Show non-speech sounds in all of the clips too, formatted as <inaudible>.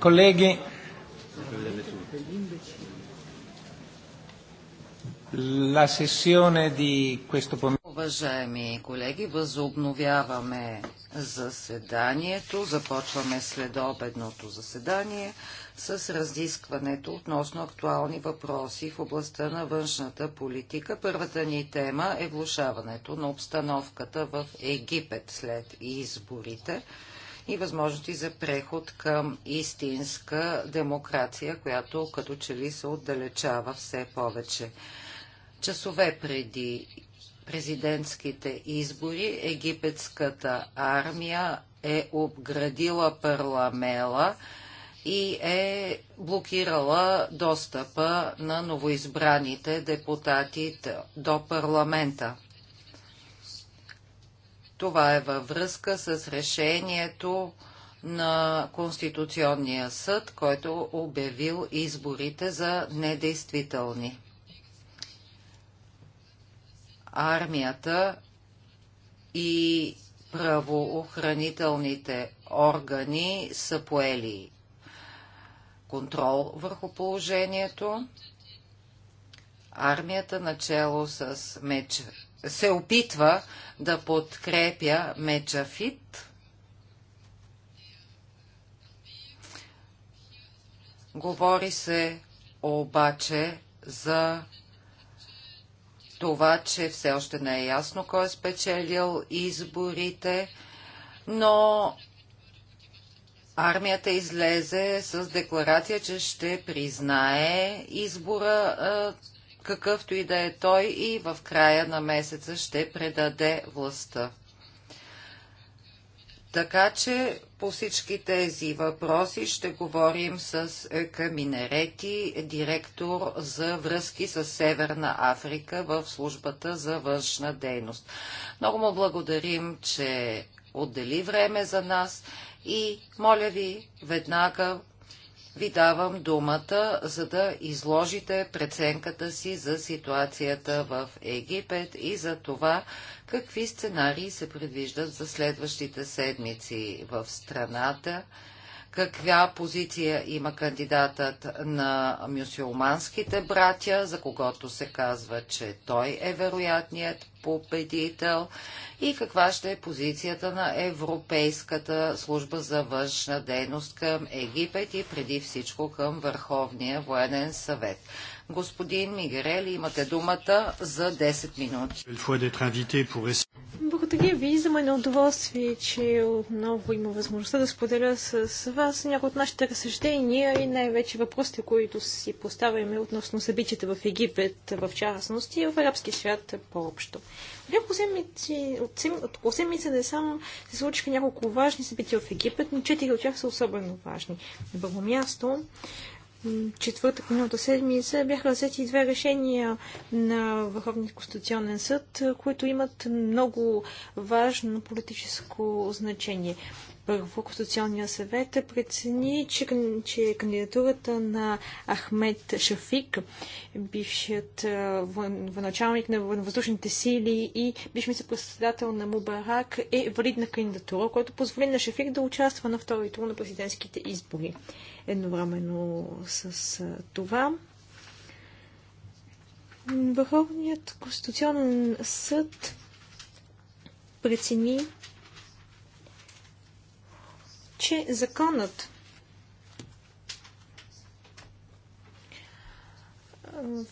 Colleghi, la sessione di questo pomeriggio. Уважаеми колеги, възобновяваме заседанието. Започваме следобедното заседание с разискването относно актуални въпроси в областта на външната политика. Първата ни тема е влушаването на обстановката в Египет след изборите и възможности за преход към истинска демокрация, която като че ли се отдалечава все повече. Часове преди президентските избори египетската армия е обградила парламела и е блокирала достъпа на новоизбраните депутати до парламента. Това е във връзка с решението на Конституционния съд, който обявил изборите за недействителни. Армията и правоохранителните органи са поели контрол върху положението. Армията начало с меч се опитва да подкрепя Меджафит. Говори се обаче за това, че все още не е ясно кой е спечелил изборите, но армията излезе с декларация, че ще признае избора какъвто и да е той, и в края на месеца ще предаде властта. Така че по всички тези въпроси ще говорим с Минерети, директор за връзки с Северна Африка в службата за външна дейност. Много му благодарим, че отдели време за нас и моля ви веднага ви давам думата, за да изложите преценката си за ситуацията в Египет и за това какви сценарии се предвиждат за следващите седмици в страната каква позиция има кандидатът на мюсюлманските братя, за когото се казва, че той е вероятният победител и каква ще е позицията на Европейската служба за външна дейност към Египет и преди всичко към Върховния военен съвет. Господин Мигерели, имате думата за 10 минути. Благодаря ви за мен е удоволствие, че отново има възможността да споделя с вас някои от нашите разсъждения и най-вече въпросите, които си поставяме относно събитията в Египет, в частност и в арабския свят по-общо. Няколко от, сем, седмица не само се случиха няколко важни събития в Египет, но четири от тях са особено важни. На първо място четвъртък миналата седмица бяха взети две решения на Върховния конституционен съд, които имат много важно политическо значение. Първо, Конституционния съвет прецени, че, че кандидатурата на Ахмед Шафик, бившият военачалник на въздушните сили и бивш председател на Мубарак, е валидна кандидатура, която позволи на Шафик да участва на втори тур на президентските избори. Едновременно с това Върховният конституционен съд прецени, че законът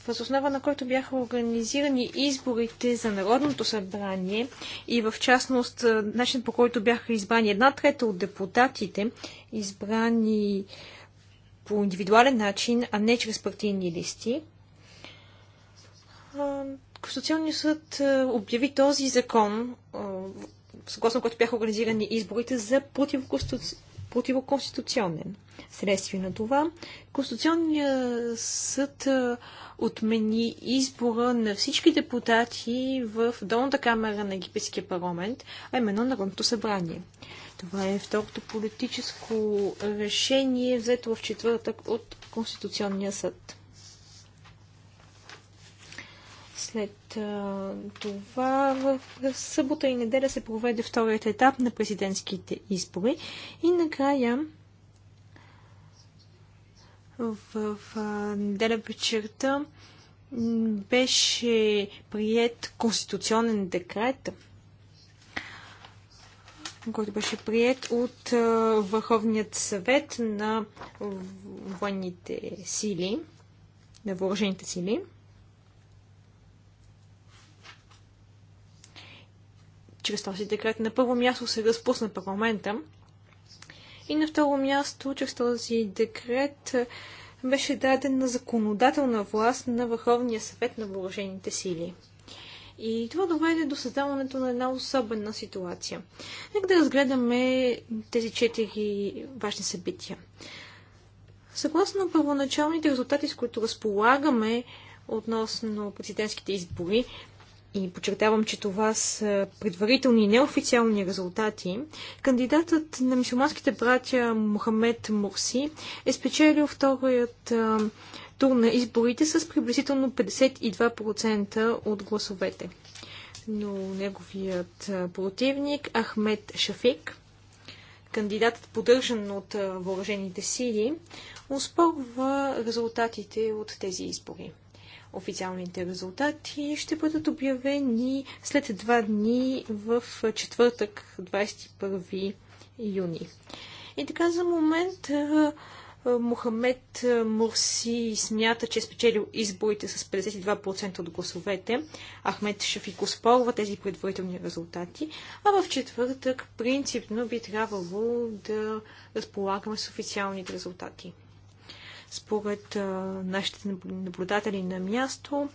въз основа на който бяха организирани изборите за Народното събрание и в частност начин по който бяха избрани една трета от депутатите, избрани по индивидуален начин, а не чрез партийни листи. Конституционният съд обяви този закон съгласно което бяха организирани изборите за противоконституционен. противоконституционен. Следствие на това, Конституционният съд отмени избора на всички депутати в долната камера на Египетския парламент, а именно Народното събрание. Това е второто политическо решение, взето в четвъртък от Конституционния съд. След а, това в, в събота и неделя се проведе вторият етап на президентските избори и накрая в, в неделя вечерта беше прият конституционен декрет, който беше прият от Върховният съвет на военните сили, на въоръжените сили. чрез този декрет. На първо място се разпусна парламента и на второ място чрез този декрет беше даден на законодателна власт на Върховния съвет на въоръжените сили. И това доведе до създаването на една особена ситуация. Нека да разгледаме тези четири важни събития. Съгласно първоначалните резултати, с които разполагаме относно президентските избори, и подчертавам, че това са предварителни неофициални резултати, кандидатът на мисулманските братя Мохамед Мурси е спечелил вторият тур на изборите с приблизително 52% от гласовете. Но неговият противник Ахмед Шафик, кандидатът поддържан от въоръжените сили, успорва резултатите от тези избори. Официалните резултати ще бъдат обявени след два дни в четвъртък, 21 юни. И така за момент Мохамед Мурси смята, че е спечелил изборите с 52% от гласовете. Ахмед Шафик спорва тези предварителни резултати. А в четвъртък принципно би трябвало да разполагаме с официалните резултати според нашите наблюдатели на място.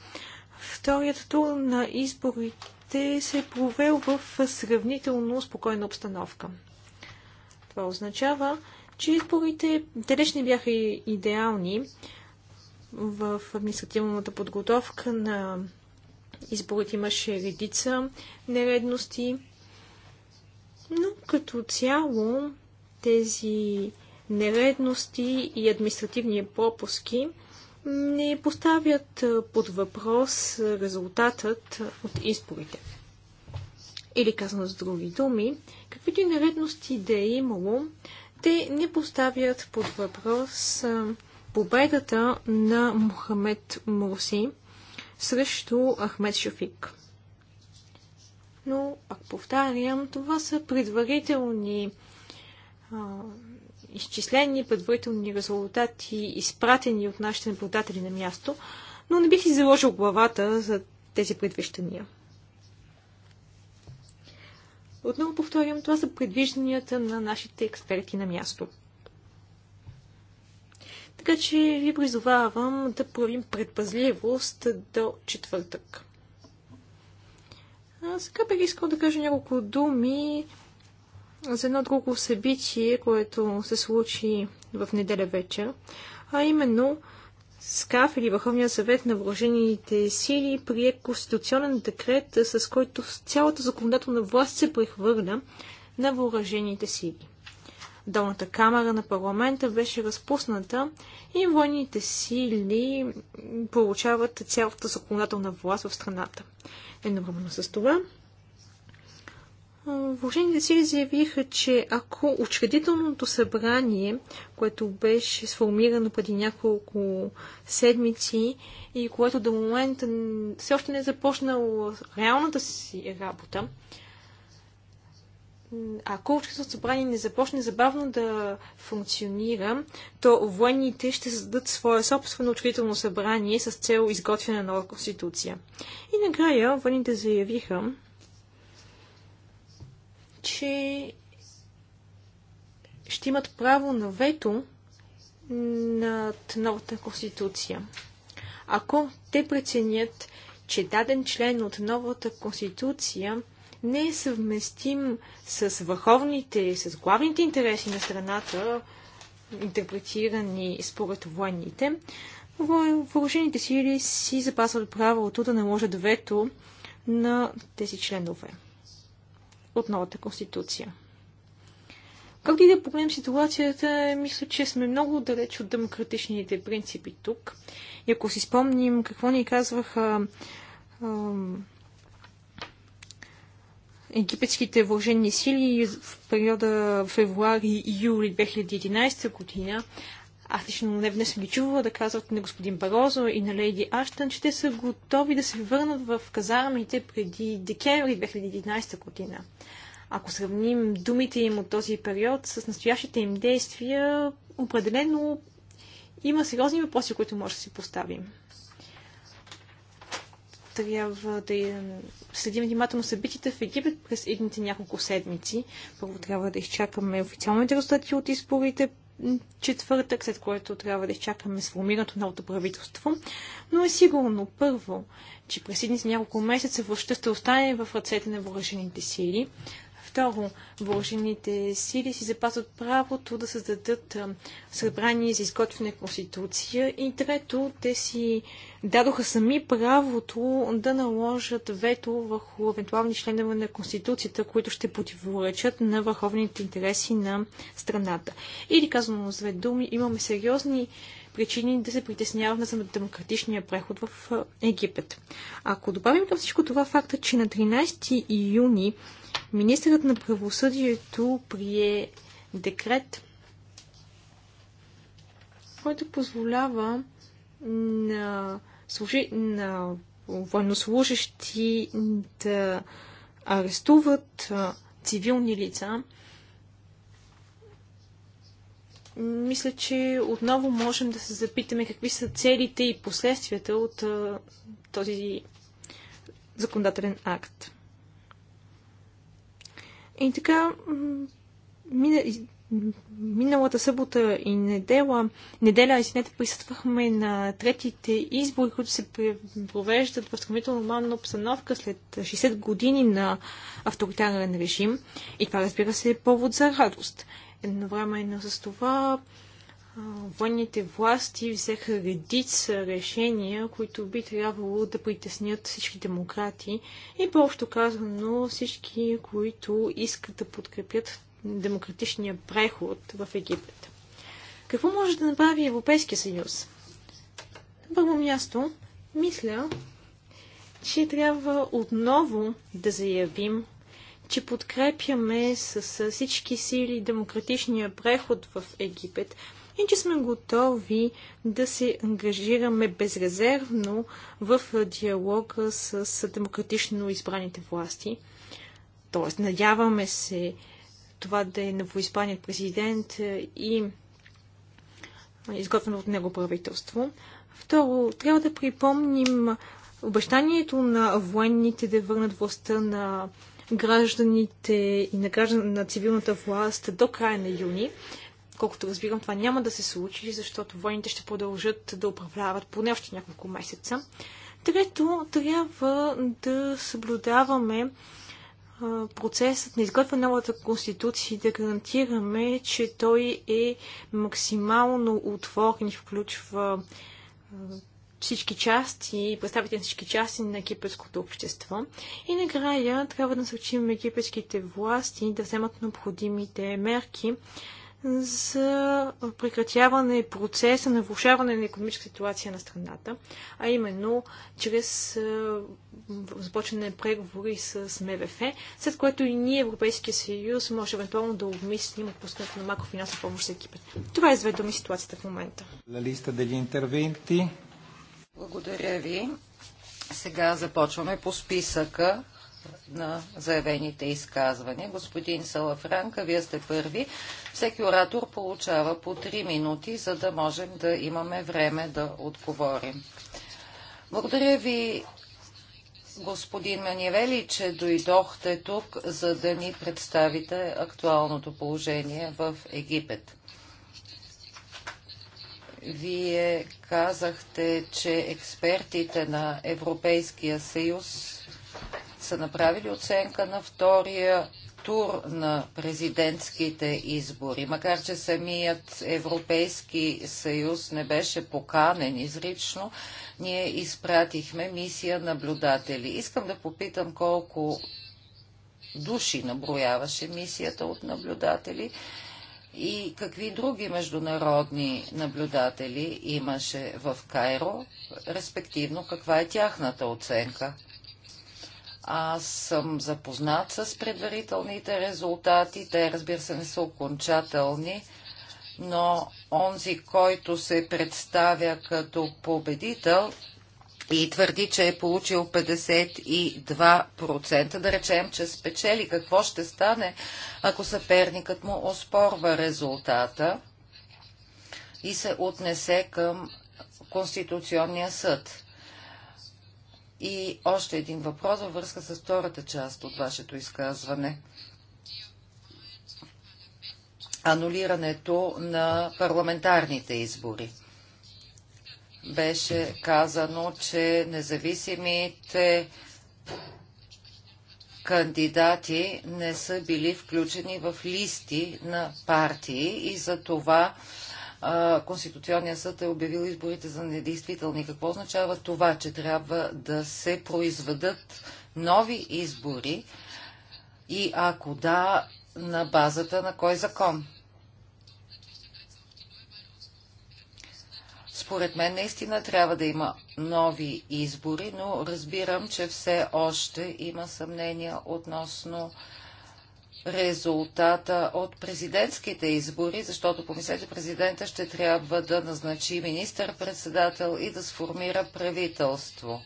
Вторият тур на изборите се е провел в сравнително спокойна обстановка. Това означава, че изборите далеч не бяха идеални в административната подготовка на изборите имаше редица нередности, но като цяло тези нередности и административни пропуски не поставят под въпрос резултатът от изборите. Или казано с други думи, каквито и нередности да е имало, те не поставят под въпрос победата на Мохамед Мурси срещу Ахмед Шафик. Но, пак повтарям, това са предварителни а, изчислени предварителни резултати, изпратени от нашите наблюдатели на място, но не бих си заложил главата за тези предвиждания. Отново повторям, това са предвижданията на нашите експерти на място. Така че ви призовавам да проявим предпазливост до четвъртък. А сега бих искал да кажа няколко думи за едно друго събитие, което се случи в неделя вечер, а именно СКАФ или Върховния съвет на въоръжените сили прие конституционен декрет, с който цялата законодателна власт се прехвърля на въоръжените сили. Долната камера на парламента беше разпусната и военните сили получават цялата законодателна власт в страната. Едновременно с това Въоръжените сили заявиха, че ако учредителното събрание, което беше сформирано преди няколко седмици и което до момента все още не е започнало реалната си работа, ако учредителното събрание не започне забавно да функционира, то военните ще създадат свое собствено учредително събрание с цел изготвяне на нова конституция. И накрая военните заявиха, че ще имат право на вето над новата конституция. Ако те преценят, че даден член от новата конституция не е съвместим с върховните, с главните интереси на страната, интерпретирани според военните, въоръжените сили си запазват правото да наложат вето на тези членове от новата конституция. Както и да погледнем ситуацията, мисля, че сме много далеч от демократичните принципи тук. И ако си спомним какво ни казваха египетските въоръжени сили в периода февруари-юли 2011 година, аз лично не днес съм ги чувала да казват на господин Барозо и на леди Аштън, че те са готови да се върнат в казармите преди декември 2011 година. Ако сравним думите им от този период с настоящите им действия, определено има сериозни въпроси, които може да си поставим трябва да следим внимателно събитията в Египет през едните няколко седмици. Първо трябва да изчакаме официалните резултати от изборите, четвъртък, след което трябва да изчакаме сформирането новото правителство. Но е сигурно, първо, че през едните няколко месеца въобще ще остане в ръцете на въоръжените сили. Второ, въоръжените сили си запазват правото да създадат събрание за изготвяне конституция. И трето, те си дадоха сами правото да наложат вето върху евентуални членове на Конституцията, които ще противоречат на върховните интереси на страната. Или казано с две думи, имаме сериозни причини да се притесняваме за демократичния преход в Египет. Ако добавим към всичко това факта, че на 13 юни. Министърът на правосъдието прие декрет, който позволява на, служи, на военнослужащи да арестуват цивилни лица. Мисля, че отново можем да се запитаме какви са целите и последствията от този законодателен акт. И така, миналата събота и недела, неделя, извинете, присъствахме на третите избори, които се провеждат в сравнително нормална обстановка след 60 години на авторитарен режим. И това, разбира се, е повод за радост. Едновременно с това военните власти взеха редица решения, които би трябвало да притеснят всички демократи и по-общо казано всички, които искат да подкрепят демократичния преход в Египет. Какво може да направи Европейския съюз? На първо място, мисля, че трябва отново да заявим, че подкрепяме с всички сили демократичния преход в Египет – и че сме готови да се ангажираме безрезервно в диалога с демократично избраните власти. Тоест, надяваме се това да е новоизбраният президент и изготвено от него правителство. Второ, трябва да припомним обещанието на военните да върнат властта на гражданите и на, граждан, на цивилната власт до края на юни. Колкото разбирам, това няма да се случи, защото войните ще продължат да управляват поне още няколко месеца. Трето, трябва да съблюдаваме процесът на изготвяне новата конституция и да гарантираме, че той е максимално отворен и включва всички части, представители на всички части на египетското общество. И накрая трябва да насърчим египетските власти да вземат необходимите мерки, за прекратяване процеса на влушаване на економическа ситуация на страната, а именно чрез започване на преговори с МВФ, след което и ние, Европейския съюз, може евентуално да обмислим отпускането на макрофинансова помощ за екипът. Това е изведоми ситуацията в момента. La lista degli Благодаря ви. Сега започваме по списъка на заявените изказвания. Господин Салафранка, вие сте първи. Всеки оратор получава по 3 минути, за да можем да имаме време да отговорим. Благодаря ви, господин Манивели, че дойдохте тук, за да ни представите актуалното положение в Египет. Вие казахте, че експертите на Европейския съюз са направили оценка на втория тур на президентските избори, макар че самият Европейски съюз не беше поканен изрично, ние изпратихме мисия наблюдатели. Искам да попитам колко души наброяваше мисията от наблюдатели и какви други международни наблюдатели имаше в Кайро, респективно каква е тяхната оценка. Аз съм запознат с предварителните резултати. Те, разбира се, не са окончателни, но онзи, който се представя като победител и твърди, че е получил 52%, да речем, че спечели, какво ще стане, ако съперникът му оспорва резултата и се отнесе към Конституционния съд? И още един въпрос във връзка с втората част от вашето изказване. Анулирането на парламентарните избори. Беше казано, че независимите кандидати не са били включени в листи на партии и за това Конституционният съд е обявил изборите за недействителни. Какво означава това, че трябва да се произведат нови избори и ако да, на базата на кой закон? Според мен наистина трябва да има нови избори, но разбирам, че все още има съмнения относно резултата от президентските избори, защото помислете, президента ще трябва да назначи министър-председател и да сформира правителство.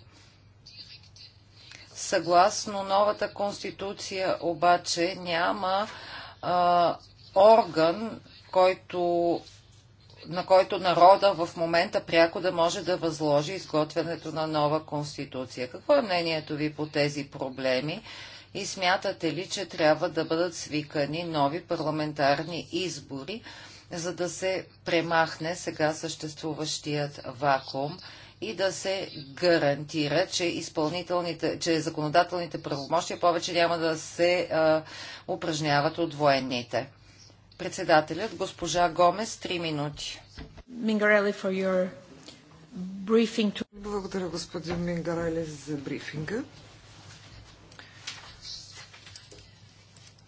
Съгласно новата конституция обаче няма а, орган, който, на който народа в момента пряко да може да възложи изготвянето на нова конституция. Какво е мнението ви по тези проблеми? и смятате ли, че трябва да бъдат свикани нови парламентарни избори, за да се премахне сега съществуващият вакуум и да се гарантира, че, изпълнителните, че законодателните правомощия повече няма да се а, упражняват от военните. Председателят госпожа Гомес, 3 минути. Благодаря, господин Мингарели, за брифинга.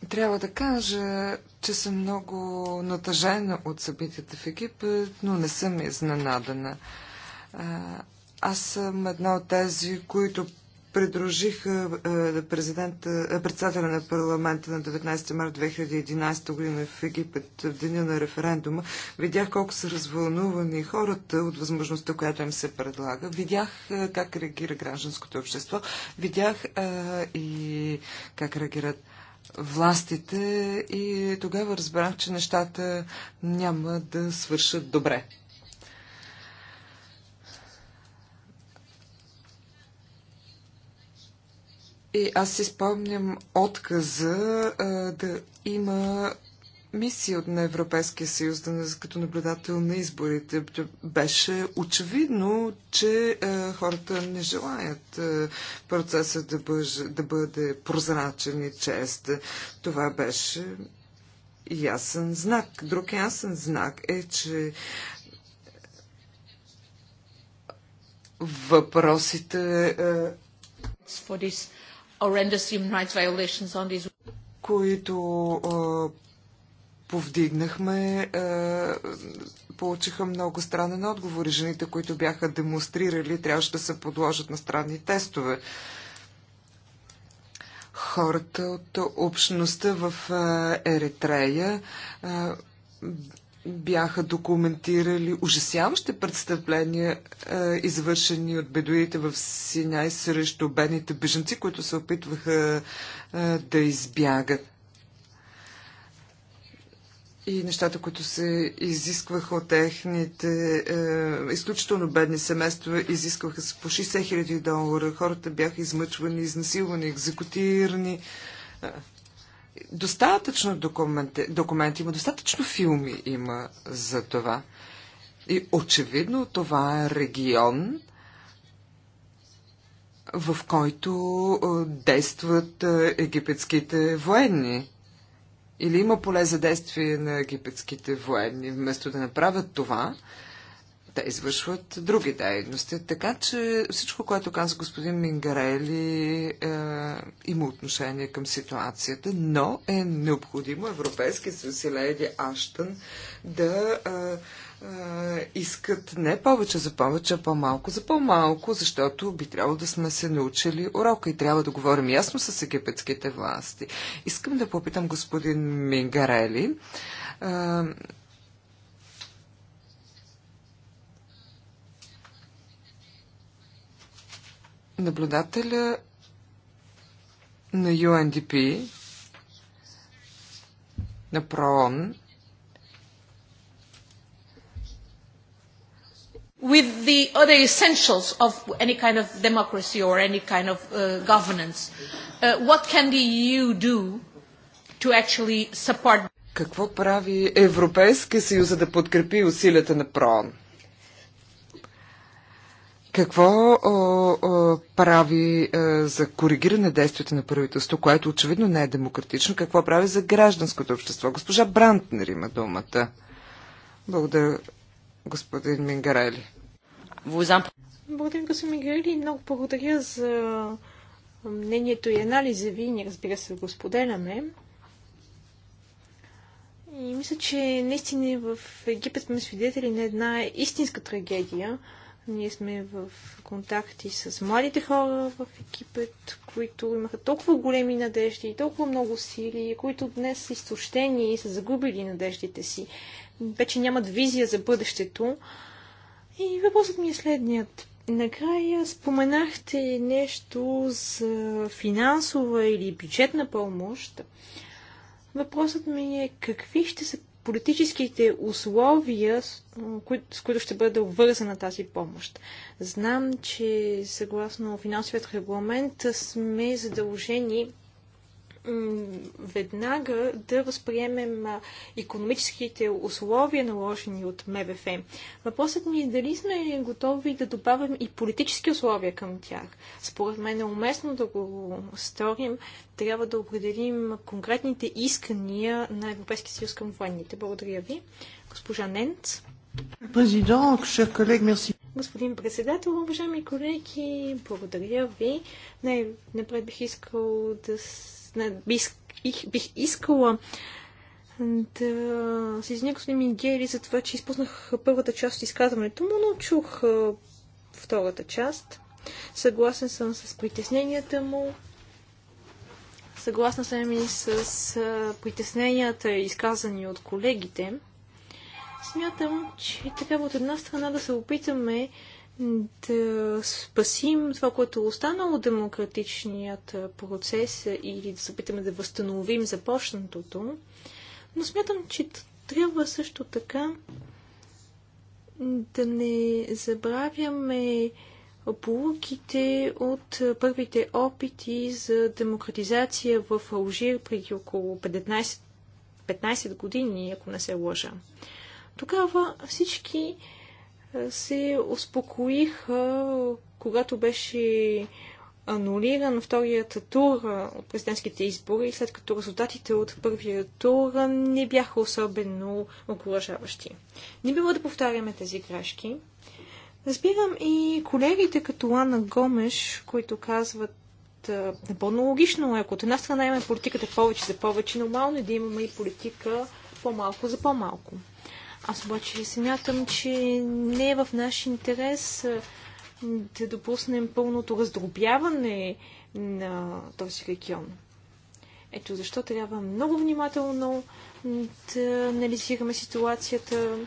Трябва да кажа, че съм много натъжена от събитията в Египет, но не съм изненадана. Аз съм една от тези, които придружиха председателя на парламента на 19 марта 2011 година в Египет в деня на референдума. Видях колко са развълнувани хората от възможността, която им се предлага. Видях как реагира гражданското общество. Видях и как реагират властите и тогава разбрах, че нещата няма да свършат добре. И аз си спомням отказа а, да има мисия от на Европейския съюз да, като наблюдател на изборите. Беше очевидно, че е, хората не желаят е, процесът да, да бъде прозрачен и чест. Това беше ясен знак. Друг ясен знак е, че въпросите. Е, които е, повдигнахме, е, получиха много странен отговор и жените, които бяха демонстрирали, трябваше да се подложат на странни тестове. Хората от общността в е, Еритрея е, бяха документирали ужасяващи престъпления, извършени от бедуите в Синай срещу бедните беженци, които се опитваха да избягат и нещата, които се изискваха от техните е, изключително бедни семейства, изискваха се по 60 хиляди долара. Хората бяха измъчвани, изнасилвани, екзекутирани. Е, достатъчно документи, документи има, достатъчно филми има за това. И очевидно това е регион, в който е, действат е, египетските военни или има поле за действие на египетските военни. Вместо да направят това, те извършват други дейности. Така че всичко, което каза господин Мингарели, е, има отношение към ситуацията, но е необходимо Европейски съюз и Леди Аштън да е, искат не повече за повече, а по-малко за по-малко, защото би трябвало да сме се научили урока и трябва да говорим ясно с египетските власти. Искам да попитам господин Мингарели. наблюдателя на UNDP, на ПРООН, with the other essentials of any kind of democracy or any kind of uh, governance. Uh, what can the EU do to actually support? Какво прави Европейския съюз за да подкрепи усилията на ПРОН? Какво о, о, прави о, е, за коригиране действията на правителство, което очевидно не е демократично? Какво прави за гражданското общество? Госпожа Брантнер има думата. Благодаря, господин Мингарели. Благодаря, господин Мингарели. Много благодаря за мнението и анализа ви. Ние, разбира се, го споделяме. И мисля, че наистина в Египет сме свидетели на една истинска трагедия. Ние сме в контакти с младите хора в Египет, които имаха толкова големи надежди и толкова много сили, които днес са изтощени и са загубили надеждите си вече нямат визия за бъдещето. И въпросът ми е следният. Накрая споменахте нещо за финансова или бюджетна помощ. Въпросът ми е какви ще са политическите условия, с които ще бъде обвързана тази помощ. Знам, че съгласно финансовият регламент сме задължени веднага да възприемем економическите условия, наложени от МВФ. Въпросът ми е дали сме готови да добавим и политически условия към тях. Според мен е уместно да го сторим. Трябва да определим конкретните искания на Европейския съюз към военните. Благодаря ви. Госпожа Ненц. Президент, колег, мерси. Господин председател, уважаеми колеги, благодаря ви. Не, напред бих искал да бих, бих искала да се извиня господин Мингери за това, че изпуснах първата част от изказването му, но чух втората част. Съгласен съм с притесненията му. Съгласна съм и с притесненията, изказани от колегите. Смятам, че трябва от една страна да се опитаме да спасим това, което е останало демократичният процес или да се опитаме да възстановим започнатото. Но смятам, че трябва също така да не забравяме полуките от първите опити за демократизация в Алжир преди около 15, 15 години, ако не се лъжа. Тогава всички се успокоиха, когато беше анулиран вторият тур от президентските избори, след като резултатите от първия тур не бяха особено окоръжаващи. Не било да повтаряме тези грешки. Разбирам и колегите като Лана Гомеш, които казват напълно логично е, ако от една страна имаме политиката повече за повече, нормално е да имаме и политика по-малко за по-малко. Аз обаче смятам, че не е в наш интерес да допуснем пълното раздробяване на този регион. Ето защо трябва много внимателно да анализираме ситуацията.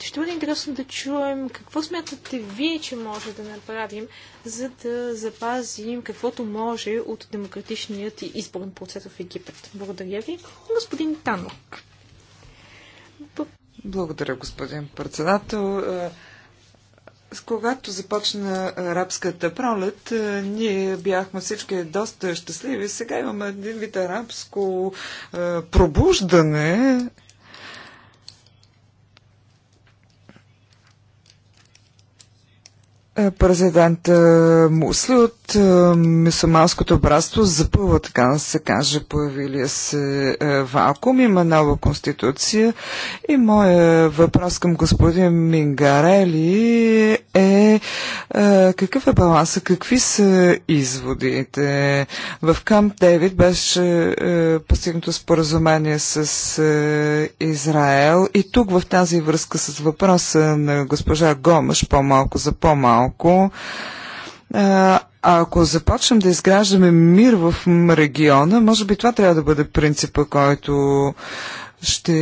Ще бъде интересно да чуем какво смятате вие, че може да направим, за да запазим каквото може от демократичният изборен процес в Египет. Благодаря ви, господин Танок. Благодаря, господин председател. Е, когато започна арабската пролет, е, ние бяхме всички доста щастливи. Сега имаме един вид арабско е, пробуждане Е, президент е, Мусли от е, мусулманското братство запълва, така да се каже, появилия се вакуум, има нова конституция и моя въпрос към господин Мингарели е какъв е баланса, какви са изводите? В Камп Девид беше постигнато споразумение с Израел и тук в тази връзка с въпроса на госпожа Гомаш, по-малко за по-малко, малко. А ако започнем да изграждаме мир в региона, може би това трябва да бъде принципа, който ще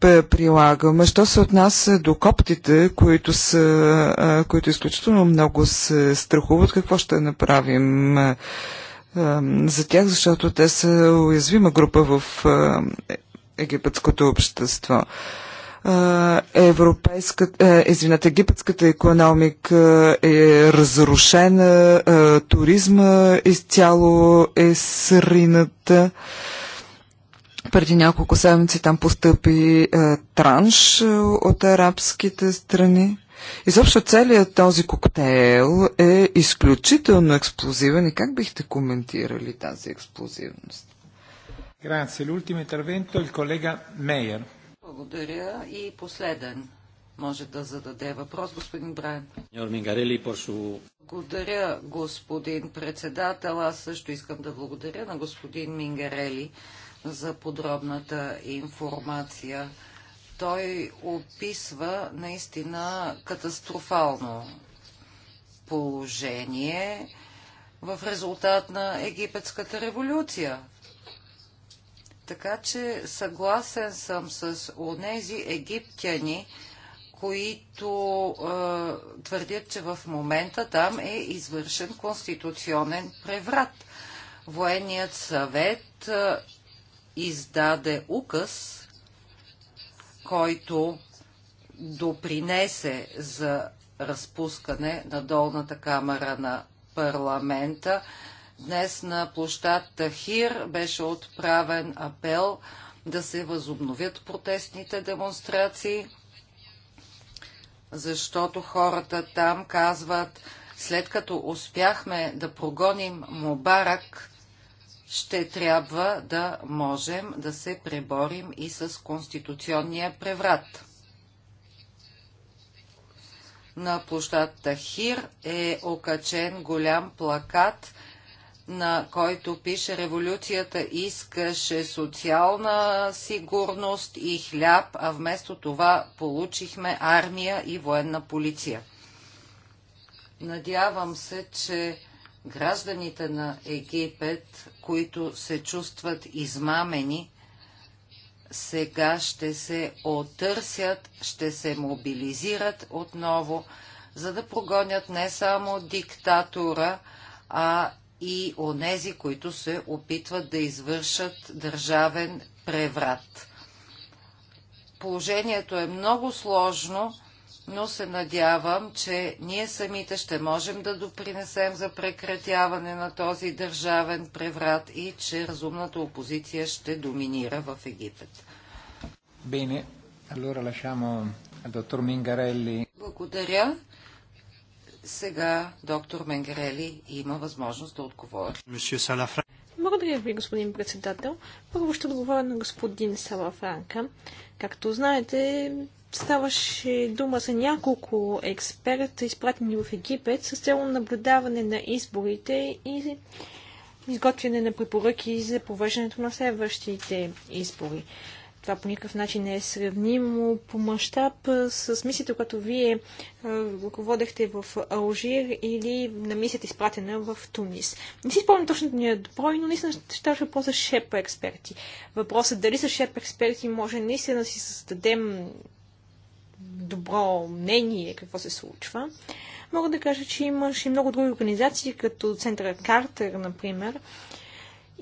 прилагаме. Що се отнася до коптите, които, са, които изключително много се страхуват, какво ще направим за тях, защото те са уязвима група в египетското общество европейската, египетската економика е разрушена, туризма изцяло е срината. Преди няколко седмици там постъпи транш от арабските страни. Изобщо целият този коктейл е изключително експлозивен и как бихте коментирали тази експлозивност? Грация. Лултим интервенто, колега Мейер. Благодаря. И последен може да зададе въпрос, господин Брайан. Благодаря, господин председател. Аз също искам да благодаря на господин Мингарели за подробната информация. Той описва наистина катастрофално положение в резултат на египетската революция. Така че съгласен съм с онези египтяни, които е, твърдят, че в момента там е извършен конституционен преврат. Военният съвет е, издаде указ, който допринесе за разпускане на долната камера на парламента. Днес на площад Тахир беше отправен апел да се възобновят протестните демонстрации, защото хората там казват, след като успяхме да прогоним Мубарак, ще трябва да можем да се преборим и с конституционния преврат. На площад Тахир е окачен голям плакат – на който пише Революцията искаше социална сигурност и хляб, а вместо това получихме армия и военна полиция. Надявам се, че гражданите на Египет, които се чувстват измамени, сега ще се отърсят, ще се мобилизират отново, за да прогонят не само диктатора, а и онези, които се опитват да извършат държавен преврат. Положението е много сложно, но се надявам, че ние самите ще можем да допринесем за прекратяване на този държавен преврат и че разумната опозиция ще доминира в Египет. Bene, allora lasciamo al dottor Mingarelli. Благодаря. Сега доктор Менгерели има възможност да отговори. Благодаря ви, господин председател. Първо ще отговоря на господин Салафранка. Както знаете, ставаше дума за няколко експерта, изпратени в Египет, с цел наблюдаване на изборите и изготвяне на препоръки за провеждането на следващите избори. Това по никакъв начин не е сравнимо по мащаб с мисията, която вие ръководехте в Алжир или на мисията изпратена в Тунис. Не си спомням точно ни е добро, но наистина ще въпрос за шеп експерти. Въпросът дали са шеп експерти може наистина да си създадем добро мнение какво се случва. Мога да кажа, че имаш и много други организации, като Центъра Картер, например,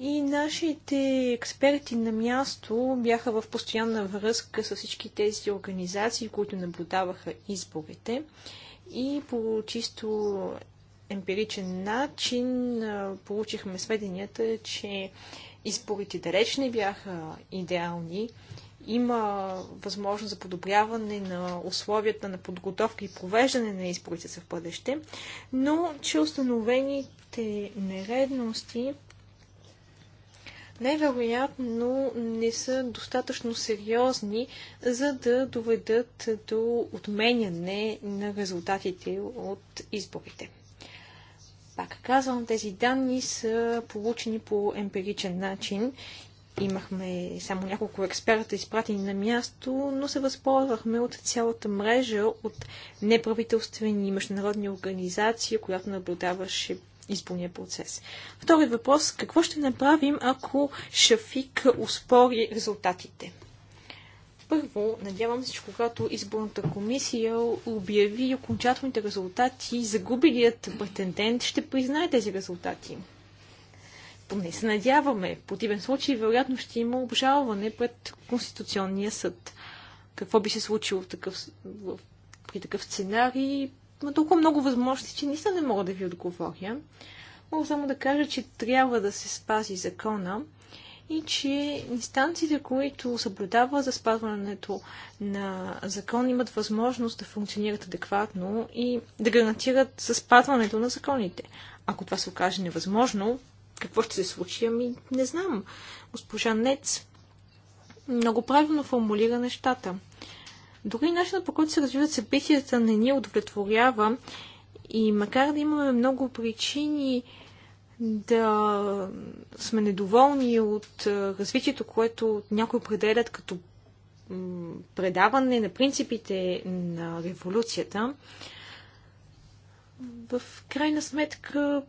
и нашите експерти на място бяха в постоянна връзка с всички тези организации, които наблюдаваха изборите. И по чисто емпиричен начин получихме сведенията, че изборите далеч не бяха идеални. Има възможност за подобряване на условията на подготовка и провеждане на изборите в бъдеще, но че установените нередности най-вероятно не са достатъчно сериозни, за да доведат до отменяне на резултатите от изборите. Пак казвам, тези данни са получени по емпиричен начин. Имахме само няколко експерта изпратени на място, но се възползвахме от цялата мрежа от неправителствени и международни организации, която наблюдаваше изборния процес. Вторият въпрос. Какво ще направим, ако Шафик успори резултатите? Първо, надявам се, че когато изборната комисия обяви окончателните резултати, загубилият претендент ще признае тези резултати. Поне се надяваме. В противен случай, вероятно, ще има обжалване пред Конституционния съд. Какво би се случило в такъв, в, при такъв сценарий? има толкова много възможности, че наистина не мога да ви отговоря. Мога само да кажа, че трябва да се спази закона и че инстанциите, които съблюдават за спазването на закон, имат възможност да функционират адекватно и да гарантират за спазването на законите. Ако това се окаже невъзможно, какво ще се случи, ами не знам. Госпожа Нец много правилно формулира нещата. Дори е начинът по който се развиват събитията не ни удовлетворява и макар да имаме много причини да сме недоволни от развитието, което някои определят като предаване на принципите на революцията, в крайна сметка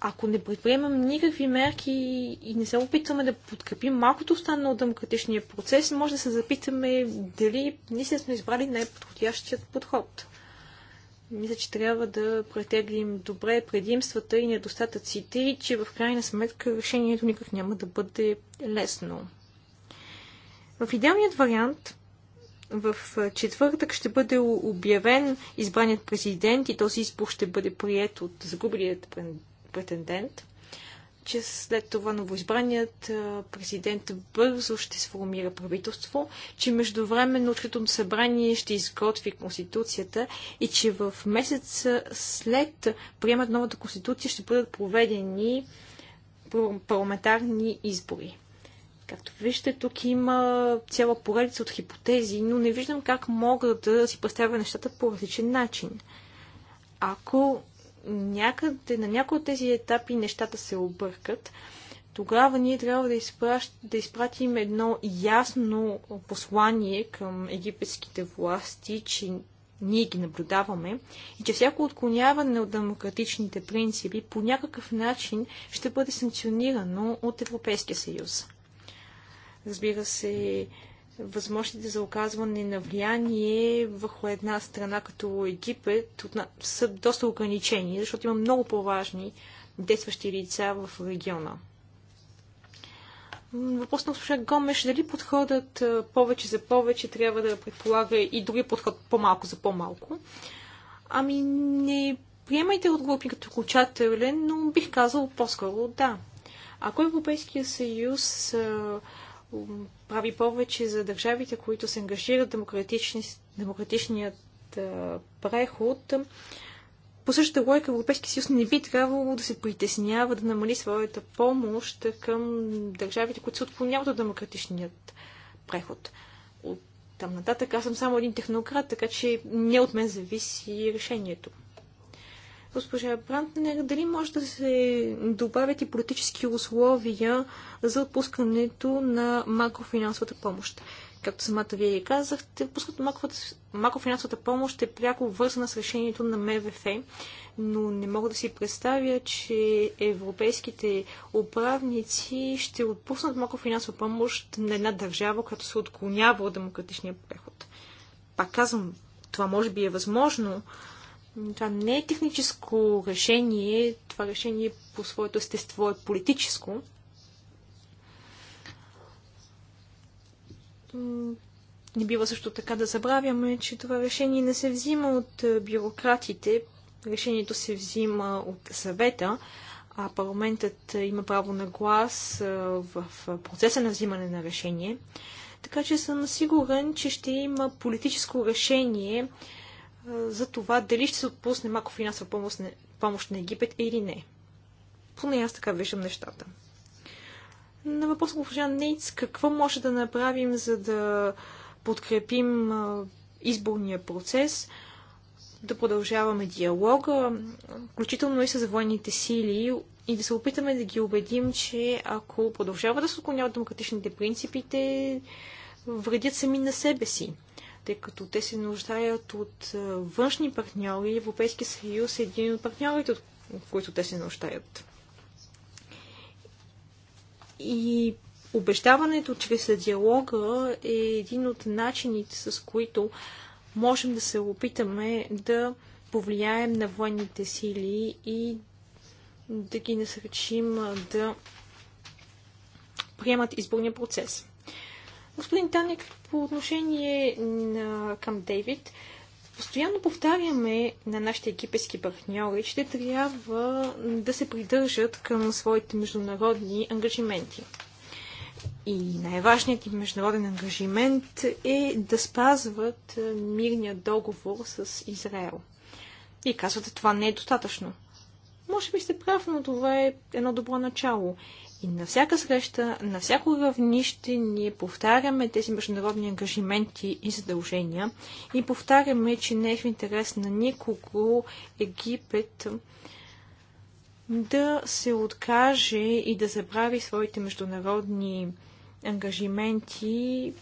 ако не предприемам никакви мерки и не се опитваме да подкрепим малкото останало демократичния процес, може да се запитаме дали ние сме избрали най-подходящият подход. Мисля, че трябва да претеглим добре предимствата и недостатъците и че в крайна сметка решението никак няма да бъде лесно. В идеалният вариант в четвъртък ще бъде обявен избраният президент и този избор ще бъде прият от загубилият претендент, че след това новоизбраният президент бързо ще сформира правителство, че междувременно Откритото събрание ще изготви конституцията и че в месец след приемат новата конституция ще бъдат проведени парламентарни избори. Както виждате, тук има цяла поредица от хипотези, но не виждам как мога да си представя нещата по различен начин. Ако някъде на някои от тези етапи нещата се объркат, тогава ние трябва да, изпращ, да изпратим едно ясно послание към египетските власти, че ние ги наблюдаваме и че всяко отклоняване от демократичните принципи по някакъв начин ще бъде санкционирано от Европейския съюз. Разбира се, възможностите за оказване на влияние върху една страна като Египет са доста ограничени, защото има много по-важни действащи лица в региона. Въпрос на госпожа Гомеш, дали подходът повече за повече трябва да предполага и други подход по-малко за по-малко? Ами не приемайте отговор като окончателен, но бих казал по-скоро да. Ако Европейския съюз прави повече за държавите, които се ангажират демократични, демократичният преход, по същата логика Европейския съюз не би трябвало да се притеснява да намали своята помощ към държавите, които се отклоняват от демократичният преход. От там нататък аз съм само един технократ, така че не от мен зависи решението госпожа Брантнер, дали може да се добавят и политически условия за отпускането на макрофинансовата помощ? Както самата вие и казахте, отпускането на макрофинансовата помощ е пряко вързана с решението на МВФ, но не мога да си представя, че европейските управници ще отпуснат макрофинансова помощ на една държава, която се отклонява от демократичния преход. Пак казвам, това може би е възможно, това не е техническо решение, това решение е по своето естество е политическо. Не бива също така да забравяме, че това решение не се взима от е, бюрократите, решението се взима от съвета, а парламентът е, има право на глас в процеса на взимане на решение. Така че съм сигурен, че ще има политическо решение за това дали ще се отпусне малко финансова помощ, на Египет или не. Поне аз така виждам нещата. На въпрос, на госпожа Нейц, какво може да направим, за да подкрепим изборния процес, да продължаваме диалога, включително и с военните сили, и да се опитаме да ги убедим, че ако продължават да се отклоняват демократичните принципите, вредят сами на себе си тъй като те се нуждаят от външни партньори. Европейския съюз е един от партньорите, от които те се нуждаят. И обещаването чрез диалога е един от начините, с които можем да се опитаме да повлияем на военните сили и да ги насръчим да приемат изборния процес. Господин Таник, по отношение на, към Дейвид, постоянно повтаряме на нашите египетски партньори, че те трябва да се придържат към своите международни ангажименти. И най-важният им международен ангажимент е да спазват е, мирния договор с Израел. И казвате, това не е достатъчно. Може би сте прав, но това е едно добро начало. И на всяка среща, на всяко равнище ние повтаряме тези международни ангажименти и задължения и повтаряме, че не е в интерес на никого Египет да се откаже и да забрави своите международни ангажименти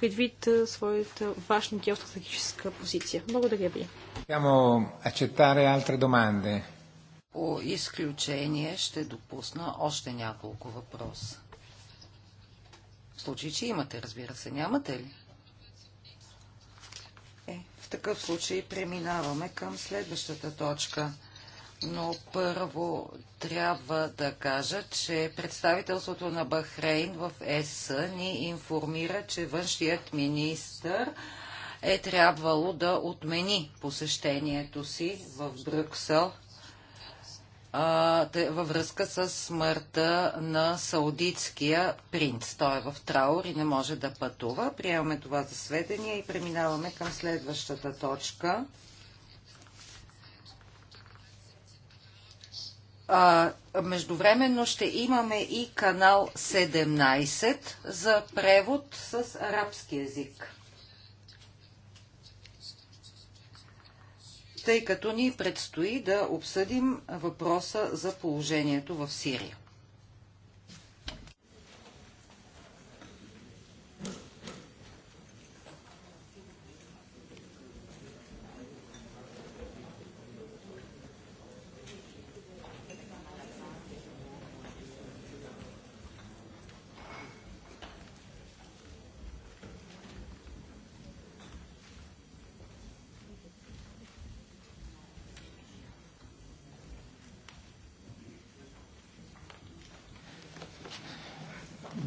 предвид своята важна геостратегическа позиция. Благодаря ви. Possiamo accettare altre domande. По изключение ще допусна още няколко въпроса. В случай, че имате, разбира се, нямате ли? Е, в такъв случай преминаваме към следващата точка. Но първо трябва да кажа, че представителството на Бахрейн в ЕС ни информира, че външният министр е трябвало да отмени посещението си в Брюксел а, във връзка с смъртта на саудитския принц. Той е в траур и не може да пътува. Приемаме това за сведения и преминаваме към следващата точка. А, междувременно ще имаме и канал 17 за превод с арабски язик. тъй като ни предстои да обсъдим въпроса за положението в Сирия.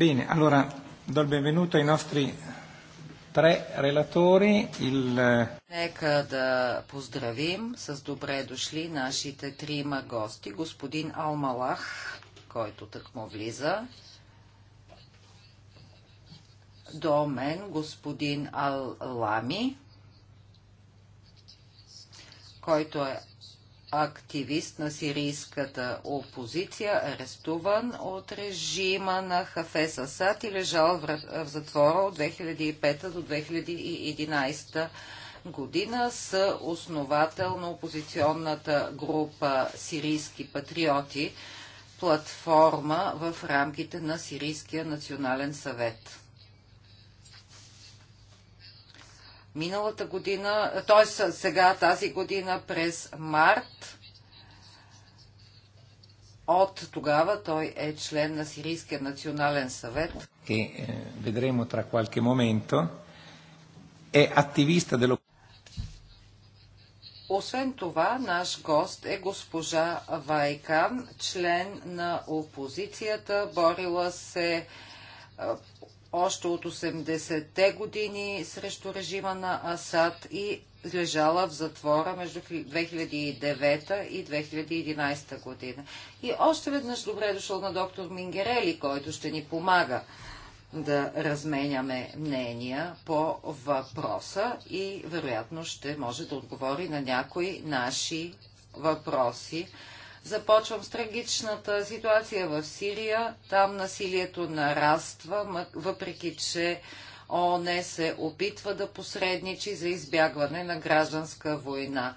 Bene, allora do il benvenuto ai nostri tre relatori. Il... Нека да поздравим с добре дошли нашите трима гости. Господин Алмалах, който так му влиза. До мен господин Ал-Лами, който е активист на сирийската опозиция, арестуван от режима на Хафес Асад и лежал в затвора от 2005 до 2011 година с основател на опозиционната група Сирийски патриоти, платформа в рамките на Сирийския национален съвет. Миналата година, т.е. сега тази година през март, от тогава той е член на Сирийския национален съвет. Che е, vedremo tra qualche momento, è attivista dello... Освен това, наш гост е госпожа Вайкан, член на опозицията, борила се още от 80-те години срещу режима на Асад и лежала в затвора между 2009 и 2011 година. И още веднъж добре е дошъл на доктор Мингерели, който ще ни помага да разменяме мнения по въпроса и вероятно ще може да отговори на някои наши въпроси Започвам с трагичната ситуация в Сирия. Там насилието нараства, въпреки че ООН се опитва да посредничи за избягване на гражданска война.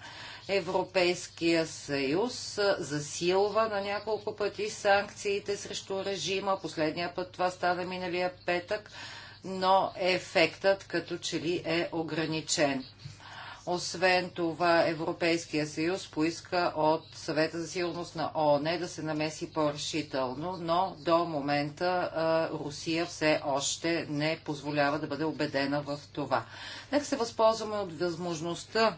Европейския съюз засилва на няколко пъти санкциите срещу режима. Последния път това стана миналия петък, но ефектът като че ли е ограничен. Освен това, Европейския съюз поиска от съвета за сигурност на ООН да се намеси по-решително, но до момента а, Русия все още не позволява да бъде убедена в това. Нека се възползваме от възможността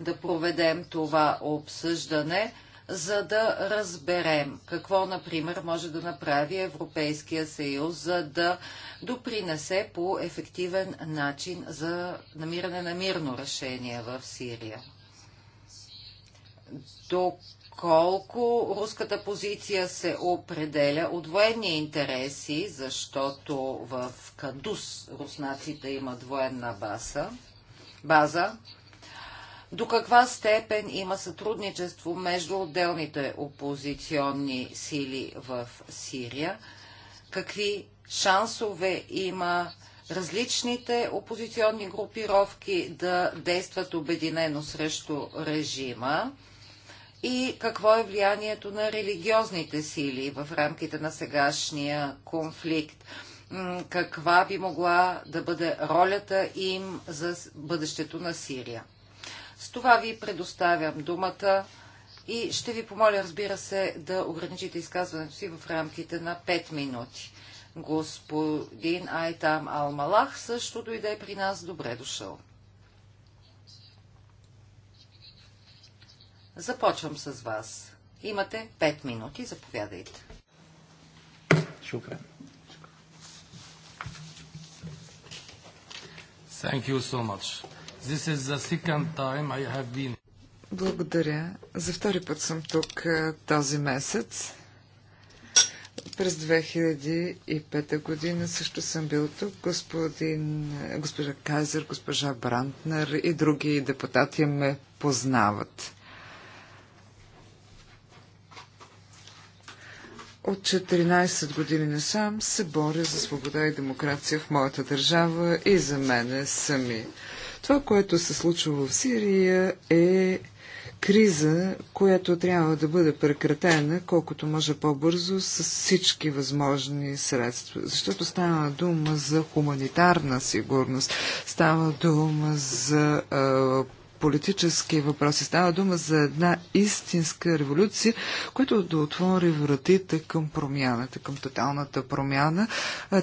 да проведем това обсъждане за да разберем какво, например, може да направи Европейския съюз, за да допринесе по ефективен начин за намиране на мирно решение в Сирия. Доколко руската позиция се определя от военни интереси, защото в Кадус руснаците имат военна база, база до каква степен има сътрудничество между отделните опозиционни сили в Сирия, какви шансове има различните опозиционни групировки да действат обединено срещу режима и какво е влиянието на религиозните сили в рамките на сегашния конфликт. Каква би могла да бъде ролята им за бъдещето на Сирия? С това ви предоставям думата и ще ви помоля, разбира се, да ограничите изказването си в рамките на 5 минути. Господин Айтам Алмалах също дойде при нас. Добре дошъл. Започвам с вас. Имате 5 минути. Заповядайте. Thank you so much. This is the second time I have been. Благодаря. За втори път съм тук този месец. През 2005 година също съм бил тук. Господин, госпожа Кайзер, госпожа Брантнер и други депутати ме познават. От 14 години насам се боря за свобода и демокрация в моята държава и за мене сами. Това, което се случва в Сирия е криза, която трябва да бъде прекратена колкото може по-бързо с всички възможни средства. Защото става дума за хуманитарна сигурност, става дума за а, политически въпроси. Става дума за една истинска революция, която да отвори вратите към промяната, към тоталната промяна,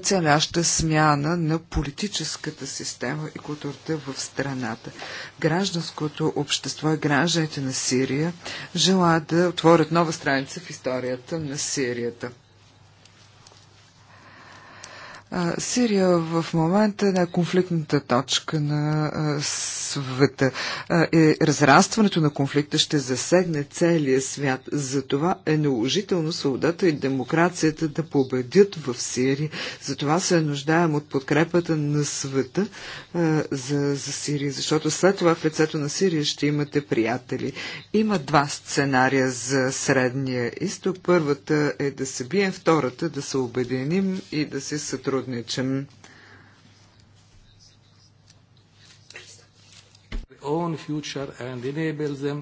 целяща смяна на политическата система и културата в страната. Гражданското общество и гражданите на Сирия желаят да отворят нова страница в историята на Сирията. Сирия в момента е на конфликтната точка на света. И е, разрастването на конфликта ще засегне целия свят. Затова е наложително свободата и демокрацията да победят в Сирия. Затова се нуждаем от подкрепата на света за, за Сирия, защото след това в лицето на Сирия ще имате приятели. Има два сценария за Средния изток. Първата е да се бием, втората да се обединим и да се сътрудим сътрудничим. own future and enable them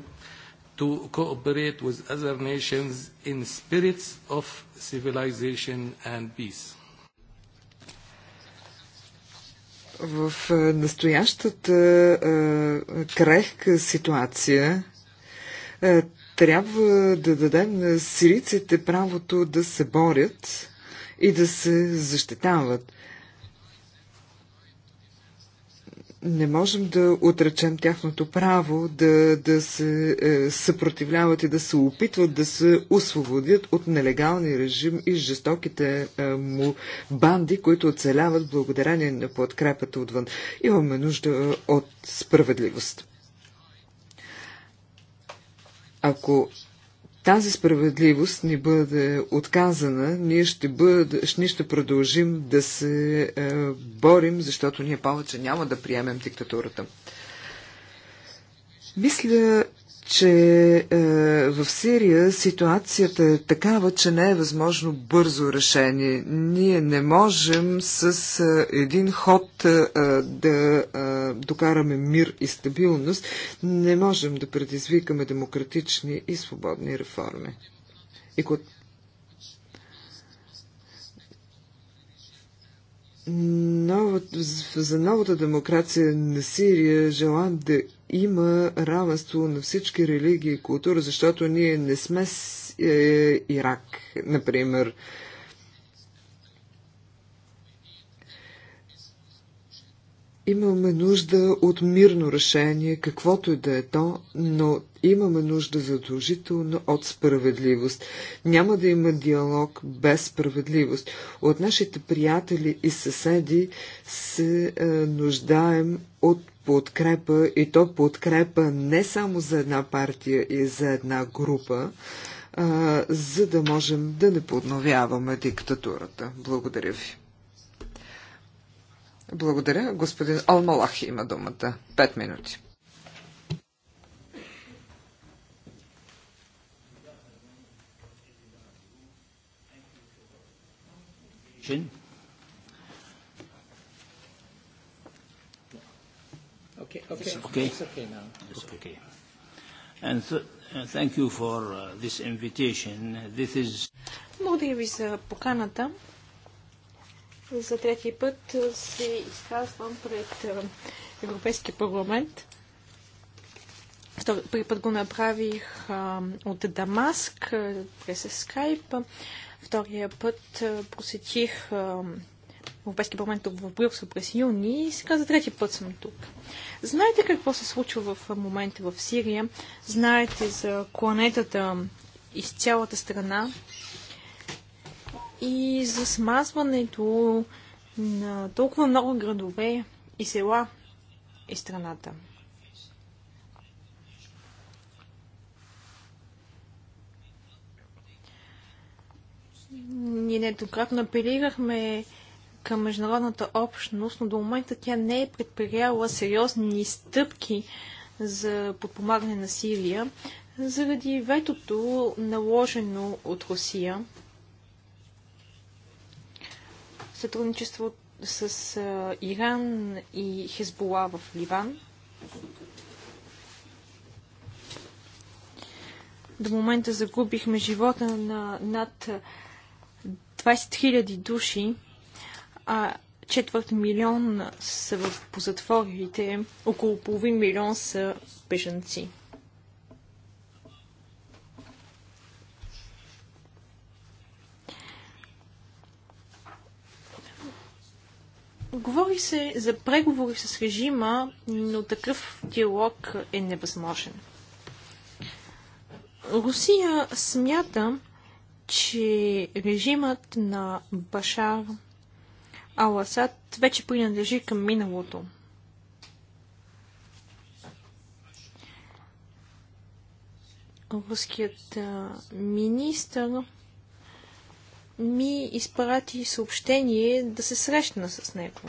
to cooperate with other nations in spirits of civilization and peace. В настоящата е, крехка ситуация е, трябва да дадем на сирийците правото да се борят и да се защитават. Не можем да отречем тяхното право да, да се е, съпротивляват и да се опитват да се освободят от нелегалния режим и жестоките е, му банди, които оцеляват благодарение на подкрепата отвън. Имаме нужда е, от справедливост. Ако тази справедливост ни бъде отказана, ние ще, бъде, ние ще продължим да се е, борим, защото ние повече няма да приемем диктатурата. Мисля, че е, в Сирия ситуацията е такава, че не е възможно бързо решение. Ние не можем с е, един ход е, е да е, докараме мир и стабилност, не можем да предизвикаме демократични и свободни реформи. И кот... Новата, за новата демокрация на Сирия желаем да има равенство на всички религии и култури, защото ние не сме с, е, Ирак, например. Имаме нужда от мирно решение, каквото и да е то, но имаме нужда задължително от справедливост. Няма да има диалог без справедливост. От нашите приятели и съседи се е, нуждаем от подкрепа и то подкрепа не само за една партия и за една група, а, за да можем да не подновяваме диктатурата. Благодаря ви. Благодаря. Господин Алмалах има думата. Пет минути. Чин? okay. Okay. It's okay. It's okay now. It's okay. okay. And th- uh, thank you for uh, this invitation. This is... Благодаря ви за поканата. За трети път се изказвам пред Европейския парламент. Втори път го направих от Дамаск през Скайп. Втория път посетих Европейския парламент в Брюксел през юни и сега за трети път съм тук. Знаете какво се случва в момента в Сирия? Знаете за кланетата из цялата страна и за смазването на толкова много градове и села и страната. Ние нееднократно апелирахме към международната общност, но до момента тя не е предприяла сериозни стъпки за подпомагане на Сирия заради ветото наложено от Русия. Сътрудничество с Иран и Хезбола в Ливан. До момента загубихме живота на над 20 000 души а четвърт милион са в, позатворите около половин милион са бежанци. Говори се за преговори с режима, но такъв диалог е невъзможен. Русия смята, че режимът на Башар ал вече принадлежи към миналото. Руският министър ми изпрати съобщение да се срещна с него.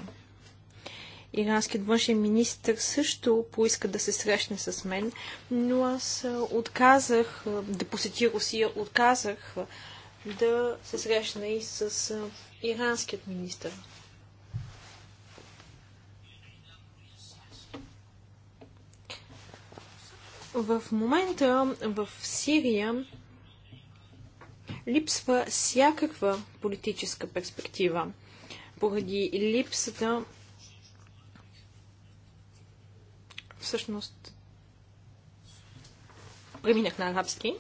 Иранският външен министр също поиска да се срещне с мен, но аз отказах да посети Русия, отказах да се срещна и с иранският министр. В момента в Сирия липсва всякаква политическа перспектива поради липсата всъщност преминах на арабски.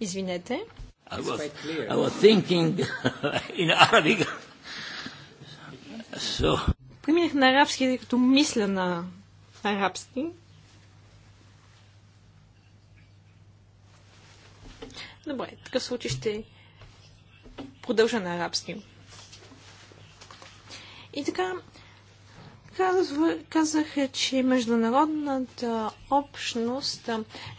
Извинете. I was, I was thinking <laughs> in Arabic. <laughs> So... Преминах на арабски, като мисля на арабски. Добре, в такъв случай ще продължа на арабски. И така, казах, че международната общност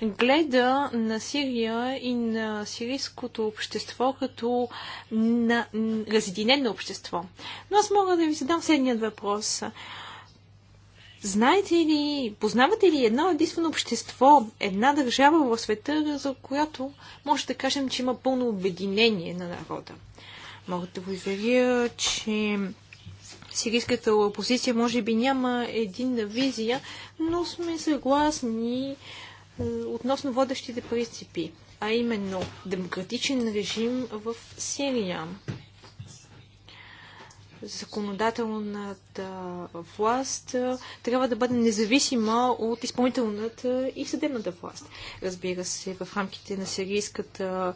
гледа на Сирия и на сирийското общество като на разединено общество. Но аз мога да ви задам следният въпрос. Знаете ли, познавате ли едно единствено общество, една държава в света, за която може да кажем, че има пълно обединение на народа? Мога да го изявя, че сирийската опозиция може би няма единна визия, но сме съгласни е, относно водещите принципи, а именно демократичен режим в Сирия, законодателната власт трябва да бъде независима от изпълнителната и съдебната власт. Разбира се, в рамките на сирийската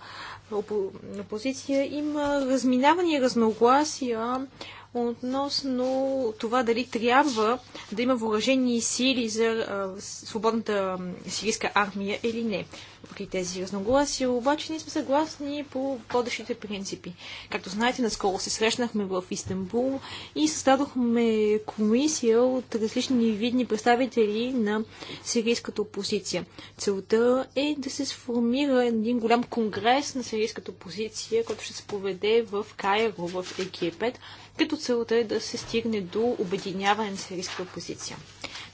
опозиция има разминавания, разногласия относно това дали трябва да има въоръжени сили за свободната сирийска армия или не. При тези разногласия, обаче ние сме съгласни по водещите принципи. Както знаете, наскоро се срещнахме в Истанбул и създадохме комисия от различни видни представители на сирийската опозиция. Целта е да се сформира един голям конгрес на сирийската опозиция, който ще се поведе в Кайро, в Египет, като целта е да се стигне до обединяване на сирийската опозиция.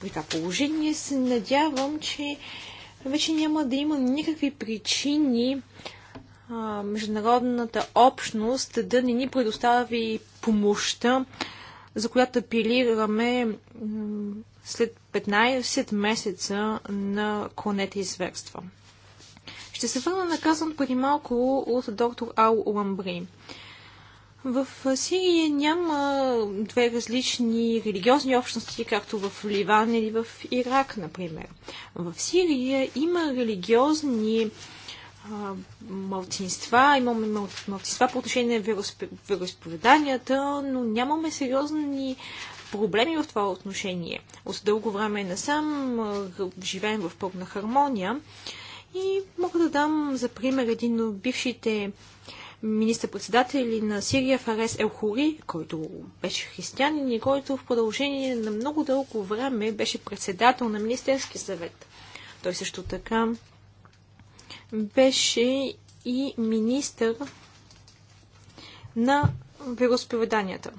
При това положение се надявам, че вече няма да има никакви причини а, международната общност да не ни предостави помощта, за която апелираме след 15 месеца на клонете и зверства. Ще се върна на казан преди малко от доктор Ал Ламбри. В Сирия няма две различни религиозни общности, както в Ливан или в Ирак, например. В Сирия има религиозни малцинства, имаме малцинства по отношение на вероисповеданията, но нямаме сериозни проблеми в това отношение. От дълго време насам живеем в пълна хармония и мога да дам за пример един от бившите министър-председатели на Сирия Фарес Елхури, който беше християнин и който в продължение на много дълго време беше председател на Министерски съвет. Той също така беше и министър на вероисповеданията.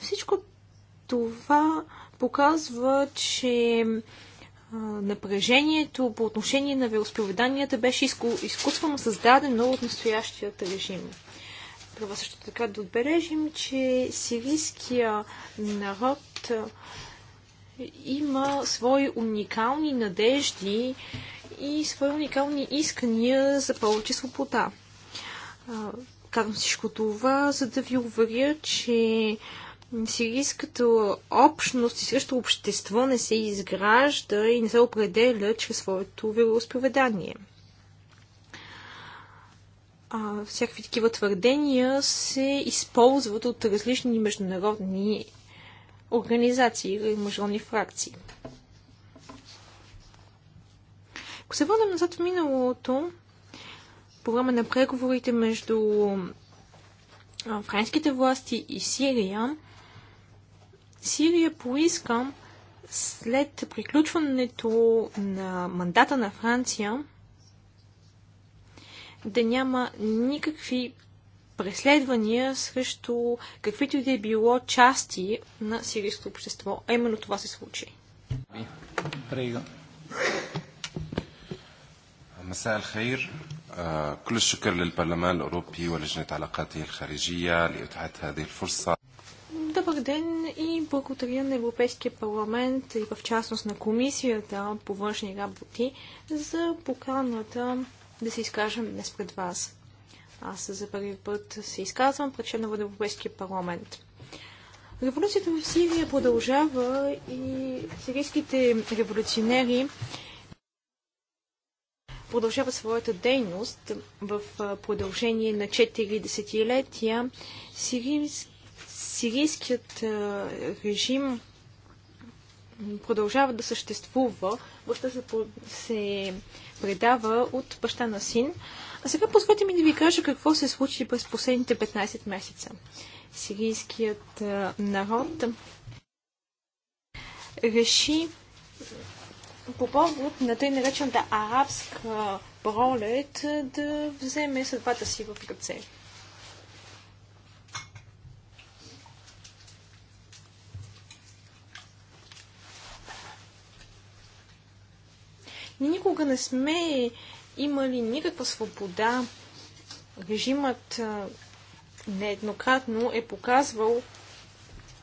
Всичко това показва, че напрежението по отношение на вероисповеданията беше изку... изкуствено създадено от настоящият режим. Трябва също така да отбележим, че сирийския народ има свои уникални надежди и свои уникални искания за повече свобода. Казвам всичко това, за да ви уверя, че сирийската общност и също общество не се изгражда и не се определя чрез своето вероисповедание. А, всякакви такива твърдения се използват от различни международни организации или международни фракции. Ако се върнем назад в миналото, по време на преговорите между френските власти и Сирия, Сирия поиска след приключването на мандата на Франция да няма никакви преследвания срещу каквито и да е било части на сирийското общество. А именно това се случи. مساء الخير كل الشكر للبرلمان الأوروبي ولجنة علاقاته الخارجية لإتاحة هذه الفرصة Добър ден и благодаря на Европейския парламент и в частност на Комисията по външни работи за поканата да се изкажем днес пред вас. Аз за първи път се изказвам пред членове на Европейския парламент. Революцията в Сирия продължава и сирийските революционери продължава своята дейност в продължение на 4 десетилетия. Сирийски сирийският е, режим продължава да съществува, баща се, се предава от баща на син. А сега позволете ми да ви кажа какво се случи през последните 15 месеца. Сирийският е, народ реши по повод на тъй наречената арабска пролет да вземе съдбата си в ръце. Ние никога не сме имали никаква свобода. Режимът нееднократно е показвал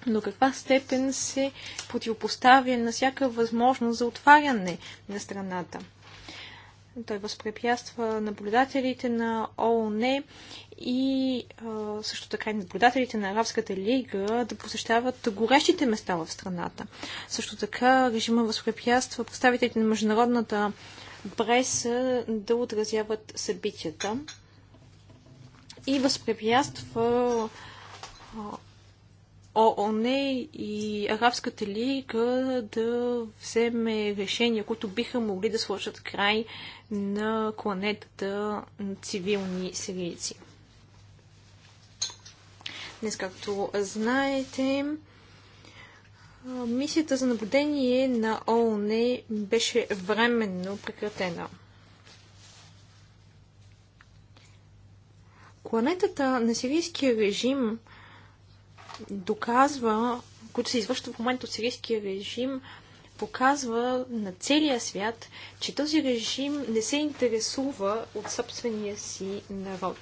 до каква степен се противопоставя на всяка възможност за отваряне на страната. Той възпрепятства наблюдателите на ООН и а, също така и наблюдателите на Арабската лига да посещават горещите места в страната. Също така режима възпрепятства представителите на международната преса да отразяват събитията и възпрепятства ООН и Арабската лига да вземе решения, които биха могли да сложат край на кланетата на цивилни сирийци. Днес, както знаете, мисията за наблюдение на ООН беше временно прекратена. Кланетата на сирийския режим – доказва, които се извършват в момента от сирийския режим, показва на целия свят, че този режим не се интересува от собствения си народ.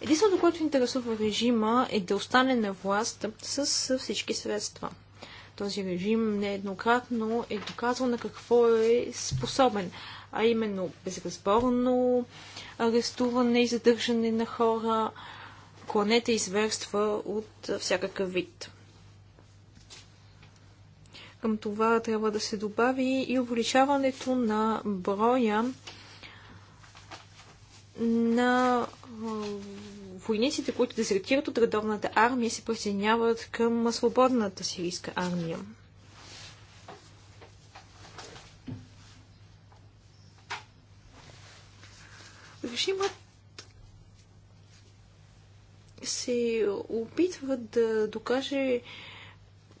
Единственото, което интересува режима е да остане на власт с всички средства. Този режим нееднократно е доказал на какво е способен, а именно безразборно арестуване и задържане на хора, кланета изверства от всякакъв вид. Към това трябва да се добави и увеличаването на броя на войниците, които дезертират от редовната армия, се присъединяват към свободната сирийска армия. Режимът се опитва да докаже,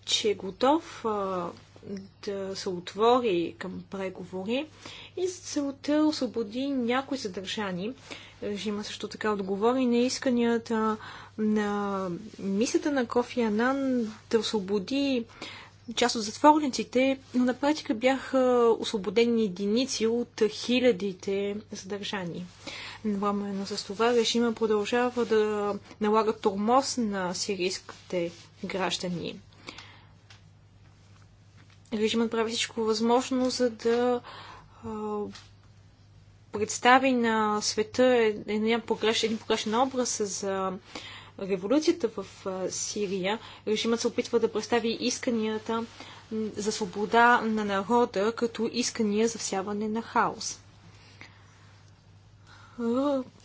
че е готов а, да се отвори към преговори и за целта освободи някои задържани. Режима също така отговори на исканията на мисията на Кофи Анан да освободи част от затворниците, но на практика бяха освободени единици от хилядите задържани. Едновременно с това режима продължава да налага тормоз на сирийските граждани. Режимът прави всичко възможно, за да а, представи на света е, е, един погрешен, един погрешен образ за революцията в Сирия. Режимът се опитва да представи исканията за свобода на народа като искания за всяване на хаос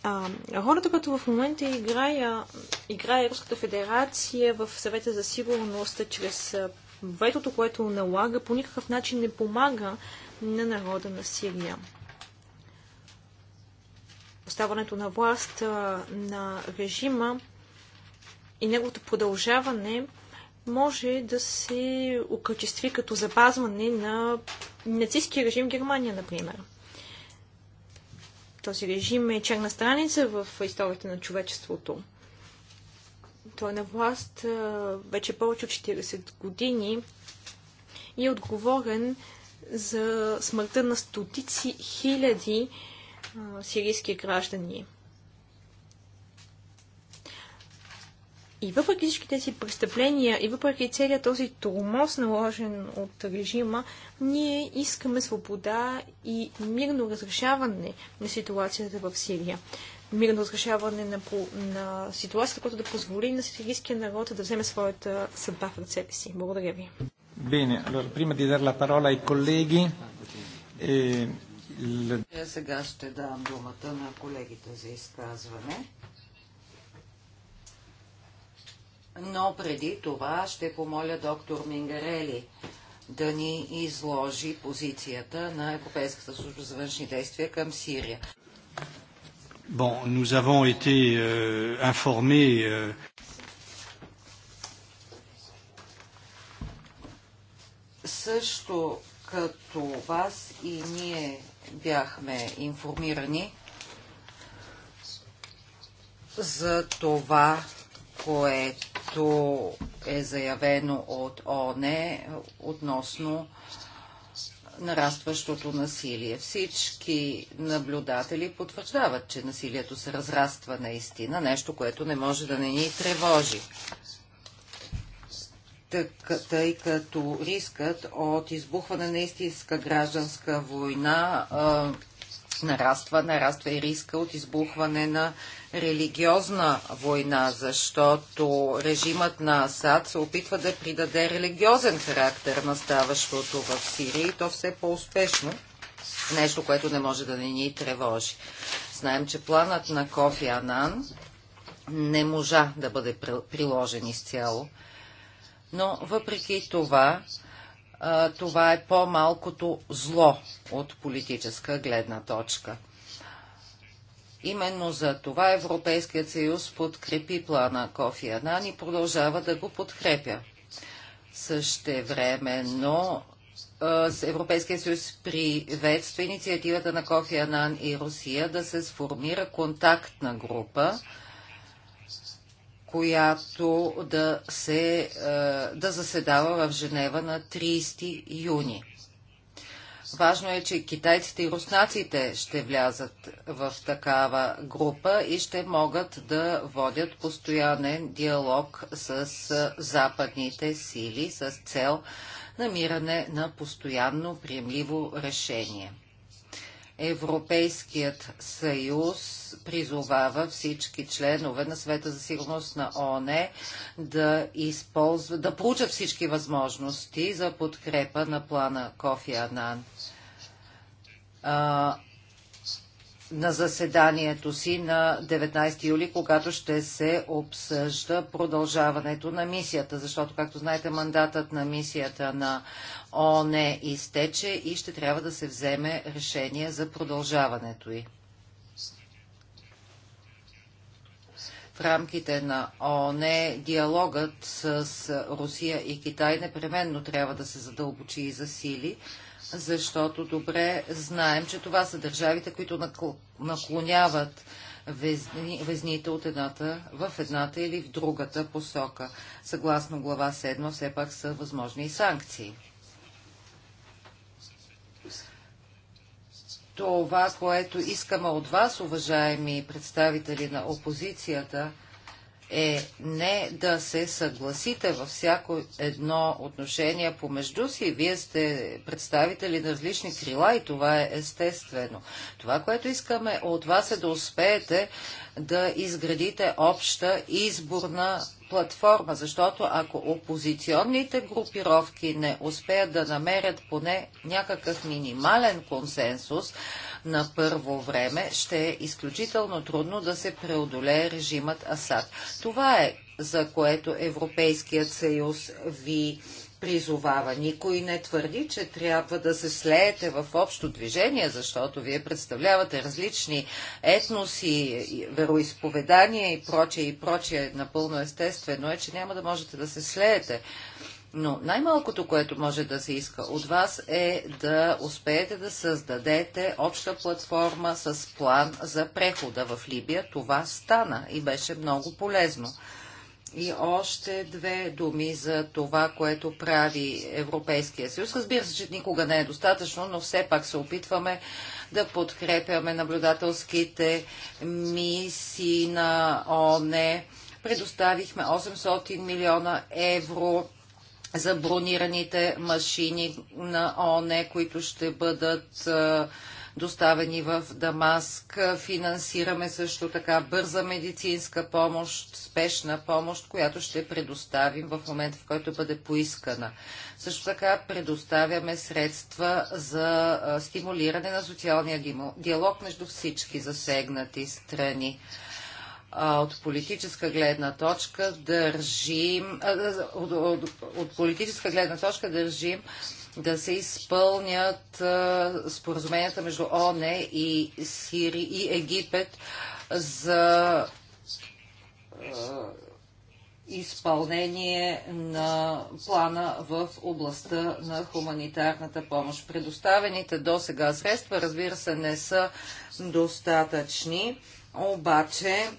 а, ролята, която в момента играе, играе Руската федерация в съвета за сигурност чрез ветото, което налага, по никакъв начин не помага на народа на Сирия. Оставането на власт на режима и неговото продължаване може да се окачестви като запазване на нацистския режим в Германия, например. Този режим е черна страница в историята на човечеството. Той е на власт вече повече от 40 години и е отговорен за смъртта на стотици хиляди сирийски граждани. И въпреки всички тези престъпления и въпреки целият този тормоз, наложен от режима, ние искаме свобода и мирно разрешаване на ситуацията в Сирия. Мирно разрешаване на, на ситуацията, която да позволи на сирийския народ да вземе своята съдба в ръцете си. Благодаря ви. Bene, allora prima di dare la parola ai colleghi, eh, е, сега ще дам думата на колегите за изказване. Но преди това ще помоля доктор Мингарели да ни изложи позицията на Европейската служба за външни действия към Сирия. Bon, nous avons été euh, informés. Euh... Също като вас и ние бяхме информирани за това, което което е заявено от ОНЕ относно нарастващото насилие. Всички наблюдатели потвърждават, че насилието се разраства наистина, нещо, което не може да не ни тревожи. Тъй като рискът от избухване на истинска гражданска война нараства, нараства и риска от избухване на религиозна война, защото режимът на Асад се опитва да придаде религиозен характер на ставащото в Сирия и то все по-успешно. Нещо, което не може да не ни тревожи. Знаем, че планът на Кофи Анан не можа да бъде приложен изцяло. Но въпреки това, това е по-малкото зло от политическа гледна точка. Именно за това Европейският съюз подкрепи плана Кофи Анан и продължава да го подкрепя. Същевременно Европейския съюз приветства инициативата на Кофи Анан и Русия да се сформира контактна група, която да, се, е, да заседава в Женева на 30 юни. Важно е, че китайците и руснаците ще влязат в такава група и ще могат да водят постоянен диалог с е, западните сили с цел намиране на постоянно приемливо решение. Европейският съюз призовава всички членове на света за сигурност на ООН да използват, да проучат всички възможности за подкрепа на плана Кофи Анан. А, на заседанието си на 19 юли, когато ще се обсъжда продължаването на мисията, защото, както знаете, мандатът на мисията на ОНЕ изтече и ще трябва да се вземе решение за продължаването й. в рамките на ООН диалогът с Русия и Китай непременно трябва да се задълбочи и засили, защото добре знаем, че това са държавите, които наклоняват везните от едната в едната или в другата посока. Съгласно глава 7 все пак са възможни и санкции. това, което искаме от вас, уважаеми представители на опозицията – е не да се съгласите във всяко едно отношение помежду си. Вие сте представители на различни крила и това е естествено. Това, което искаме от вас е да успеете да изградите обща изборна платформа, защото ако опозиционните групировки не успеят да намерят поне някакъв минимален консенсус, на първо време, ще е изключително трудно да се преодолее режимът Асад. Това е за което Европейският съюз ви призовава. Никой не твърди, че трябва да се слеете в общо движение, защото вие представлявате различни етноси, вероисповедания и прочее и прочее. Напълно естествено е, че няма да можете да се слеете но най-малкото, което може да се иска от вас е да успеете да създадете обща платформа с план за прехода в Либия. Това стана и беше много полезно. И още две думи за това, което прави Европейския съюз. Разбира се, че никога не е достатъчно, но все пак се опитваме да подкрепяме наблюдателските мисии на ОНЕ. Предоставихме 800 милиона евро за бронираните машини на ОНЕ, които ще бъдат доставени в Дамаск. Финансираме също така бърза медицинска помощ, спешна помощ, която ще предоставим в момента, в който бъде поискана. Също така предоставяме средства за стимулиране на социалния диалог между всички засегнати страни от политическа гледна точка държим, от, от, от политическа гледна точка държим да се изпълнят споразуменията между ОНЕ и Сири и Египет за изпълнение на плана в областта на хуманитарната помощ. Предоставените до сега средства, разбира се, не са достатъчни, обаче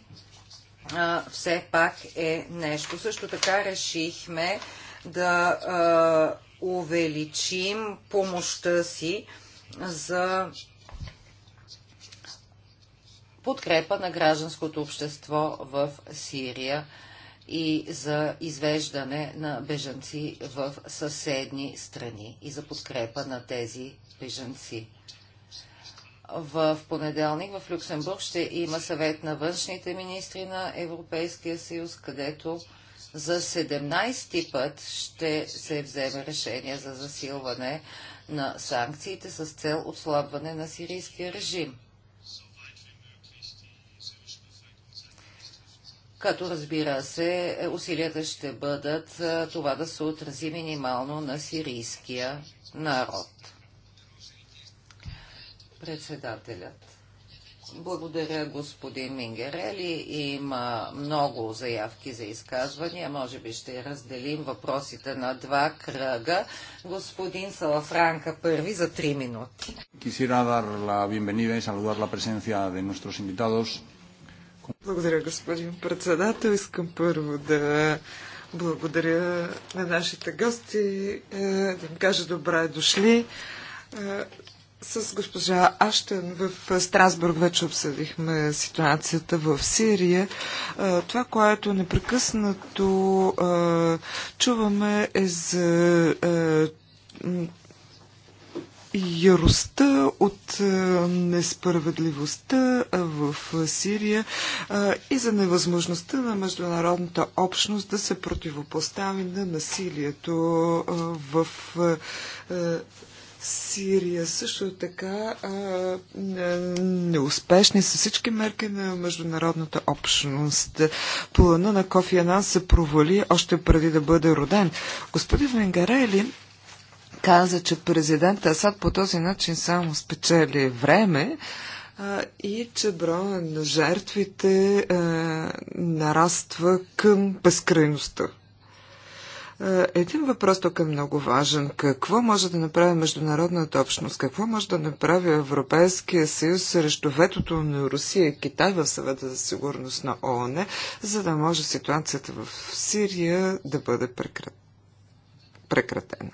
все пак е нещо. Също така решихме да а, увеличим помощта си за подкрепа на гражданското общество в Сирия и за извеждане на бежанци в съседни страни и за подкрепа на тези бежанци. В понеделник в Люксембург ще има съвет на външните министри на Европейския съюз, където за 17-ти път ще се вземе решение за засилване на санкциите с цел отслабване на сирийския режим. като разбира се, усилията ще бъдат това да се отрази минимално на сирийския народ. Председателят. Благодаря, господин Мингерели. Има много заявки за изказвания. Може би ще разделим въпросите на два кръга. Господин Салафранка първи за три минути. Quisiera dar la bienvenida y saludar la presencia de nuestros invitados. Благодаря, господин председател. Искам първо да благодаря на нашите гости, е, да им кажа добре дошли. Е, с госпожа Аштен в Страсбург вече обсъдихме ситуацията в Сирия. Това, което непрекъснато чуваме е за яростта от несправедливостта в Сирия и за невъзможността на международната общност да се противопостави на насилието в Сирия също е така неуспешни са всички мерки на международната общност. Плана на Кофи Анан се провали още преди да бъде роден. Господин Венгарели каза, че президент Асад по този начин само спечели време а, и че броя на жертвите а, нараства към безкрайността. Е, един въпрос тук е много важен. Какво може да направи международната общност? Какво може да направи Европейския съюз срещу ветото на Русия и Китай в съвета за сигурност на ООН, за да може ситуацията в Сирия да бъде прекратена?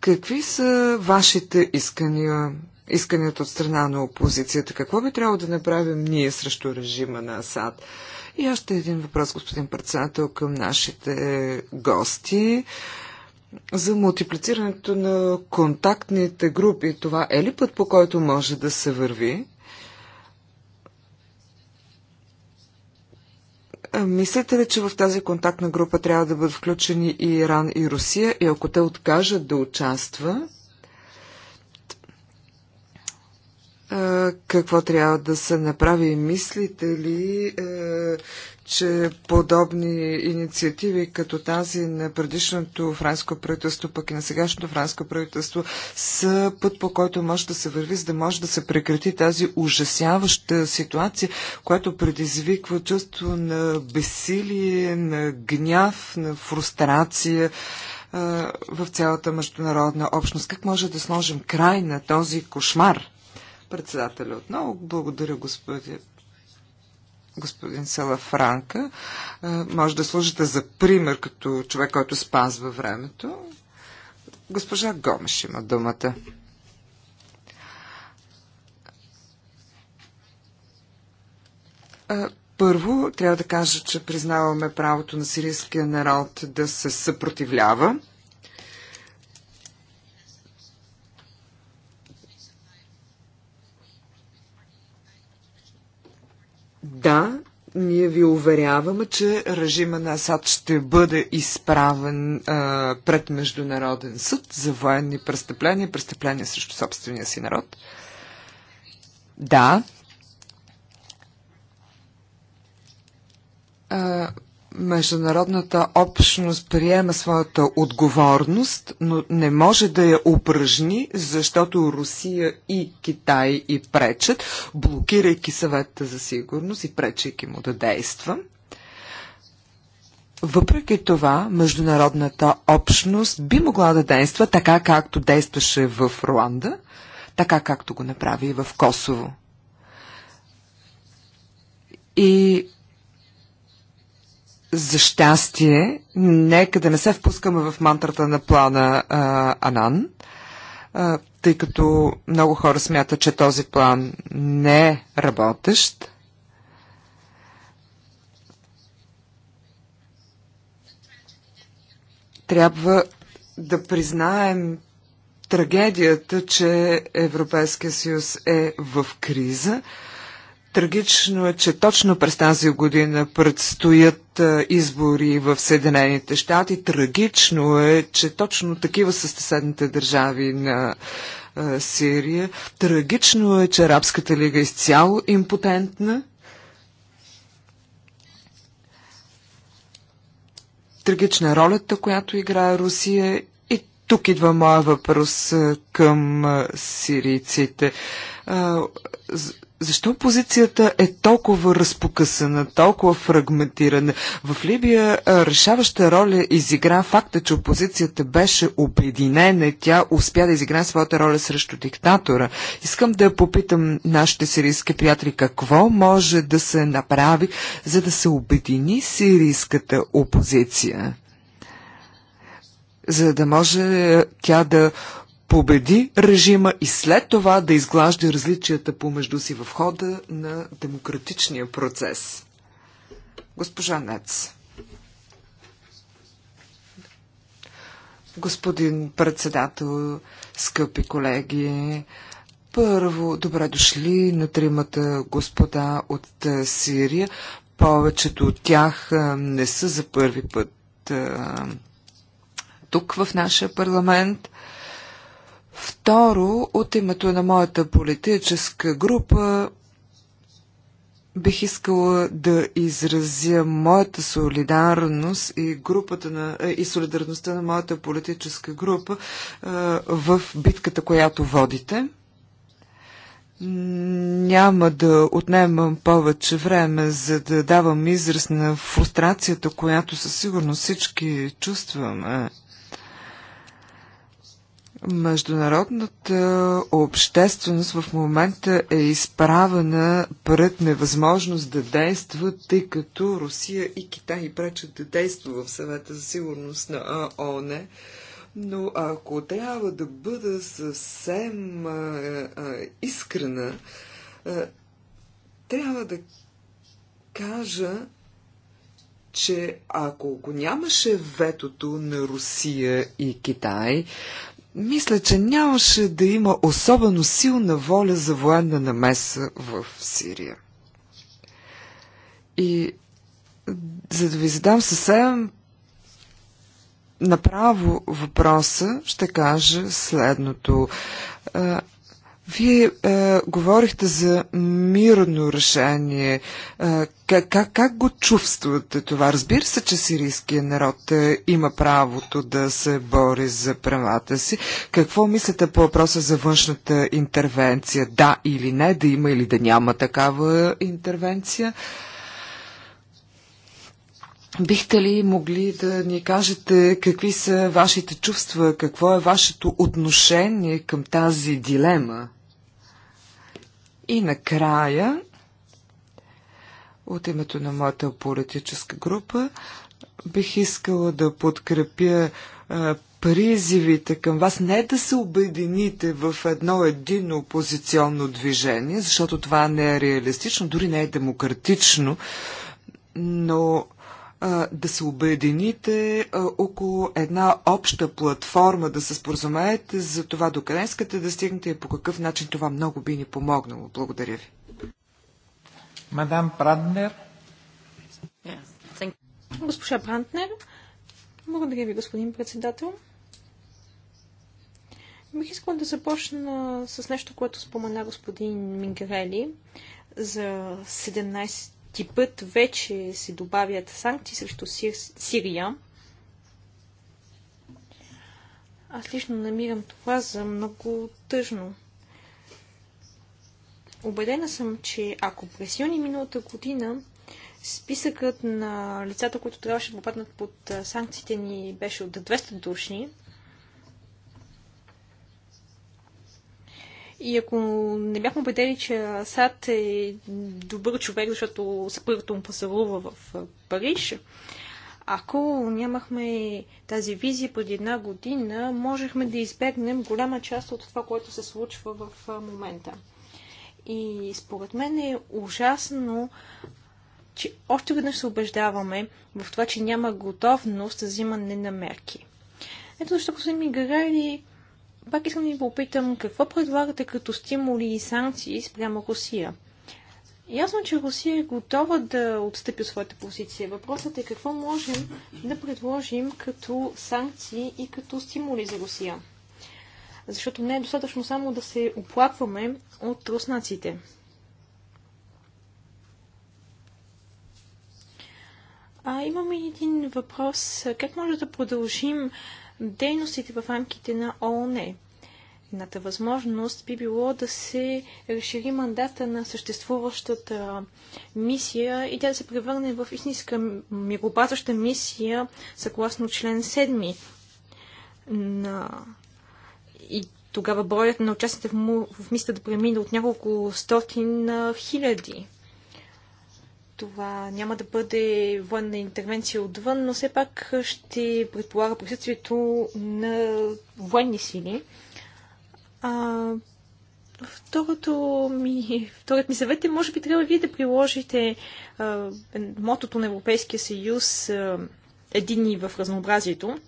Какви са вашите искания исканията от страна на опозицията. Какво би трябвало да направим ние срещу режима на Асад? И още един въпрос, господин председател, към нашите гости за мултиплицирането на контактните групи. Това е ли път, по който може да се върви? Мислите ли, че в тази контактна група трябва да бъдат включени и Иран и Русия? И ако те откажат да участва, какво трябва да се направи? Мислите ли, че подобни инициативи, като тази на предишното франско правителство, пък и на сегашното франско правителство, са път по който може да се върви, за да може да се прекрати тази ужасяваща ситуация, която предизвиква чувство на бесилие, на гняв, на фрустрация в цялата международна общност. Как може да сложим край на този кошмар? Председателя отново. Благодаря, господин господин Франка. Е, може да служите за пример като човек, който спазва времето. Госпожа Гомеш има думата. Е, първо, трябва да кажа, че признаваме правото на сирийския народ да се съпротивлява Да, ние ви уверяваме, че режима на Асад ще бъде изправен а, пред Международен съд за военни престъпления, престъпления срещу собствения си народ. Да. А, международната общност приема своята отговорност, но не може да я упражни, защото Русия и Китай и пречат, блокирайки съвета за сигурност и пречайки му да действа. Въпреки това, международната общност би могла да действа така, както действаше в Руанда, така както го направи и в Косово. И за щастие, нека да не се впускаме в мантрата на плана а, Анан, а, тъй като много хора смятат, че този план не е работещ. Трябва да признаем трагедията, че Европейския съюз е в криза. Трагично е, че точно през тази година предстоят е, избори в Съединените щати. Трагично е, че точно такива са съседните държави на е, Сирия. Трагично е, че Арабската лига е изцяло импотентна. Трагична е ролята, която играе Русия. И тук идва моя въпрос е, към сирийците защо позицията е толкова разпокъсана, толкова фрагментирана? В Либия решаваща роля изигра факта, че опозицията беше обединена. Тя успя да изигра своята роля срещу диктатора. Искам да попитам нашите сирийски приятели какво може да се направи, за да се обедини сирийската опозиция за да може тя да победи режима и след това да изглажда различията помежду си в хода на демократичния процес. Госпожа Нец. Господин председател, скъпи колеги, първо, добре дошли на тримата господа от Сирия. Повечето от тях не са за първи път тук в нашия парламент. Второ, от името на моята политическа група бих искала да изразя моята солидарност и, групата на, е, и солидарността на моята политическа група е, в битката, която водите. Няма да отнемам повече време, за да давам израз на фрустрацията, която със сигурност всички чувстваме Международната общественост в момента е изправена пред невъзможност да действа, тъй като Русия и Китай пречат да действа в съвета за сигурност на ООН. Но ако трябва да бъда съвсем а, а, искрена, а, трябва да кажа, че ако го нямаше ветото на Русия и Китай, мисля, че нямаше да има особено силна воля за военна намеса в Сирия. И за да ви задам съвсем направо въпроса, ще кажа следното. Вие е, говорихте за мирно решение. Е, как, как, как го чувствате това? Разбира се, че сирийският народ е, има правото да се бори за правата си. Какво мислите по въпроса за външната интервенция? Да или не, да има или да няма такава интервенция? Бихте ли могли да ни кажете какви са вашите чувства, какво е вашето отношение към тази дилема? И накрая, от името на моята политическа група, бих искала да подкрепя а, призивите към вас не да се обедините в едно едино опозиционно движение, защото това не е реалистично, дори не е демократично, но да се обедините около една обща платформа, да се споразумеете за това до къде искате да стигнете и по какъв начин това много би ни помогнало. Благодаря ви. Мадам Пранднер, Госпожа Бранднер. Благодаря ви, господин председател. Бих искала да започна с нещо, което спомена господин Мингарели за 17 път вече се добавят санкции срещу Сир... Сирия. Аз лично намирам това за много тъжно. Обедена съм, че ако през юни миналата година списъкът на лицата, които трябваше да попаднат под санкциите ни беше от 200 души, И ако не бяхме убедени, че Асад е добър човек, защото съпругата му пасарува в Париж, ако нямахме тази визия преди една година, можехме да избегнем голяма част от това, което се случва в момента. И според мен е ужасно, че още веднъж се убеждаваме в това, че няма готовност за взимане на мерки. Ето защо, господин Мигарели, пак искам да ви попитам, какво предлагате като стимули и санкции спрямо Русия? Ясно, че Русия е готова да отстъпи от своята позиция. Въпросът е какво можем да предложим като санкции и като стимули за Русия. Защото не е достатъчно само да се оплакваме от руснаците. А, имаме и един въпрос. Как може да продължим дейностите в рамките на ООН. Едната възможност би било да се разшири мандата на съществуващата мисия и тя да се превърне в истинска миропазваща мисия, съгласно член 7 на... И тогава броят на участните в, в мисията да премине от няколко стотин на хиляди. Това няма да бъде военна интервенция отвън, но все пак ще предполага присъствието на военни сили. А, ми, вторият ми съвет е, може би трябва вие да приложите а, мотото на Европейския съюз а, Едини в разнообразието.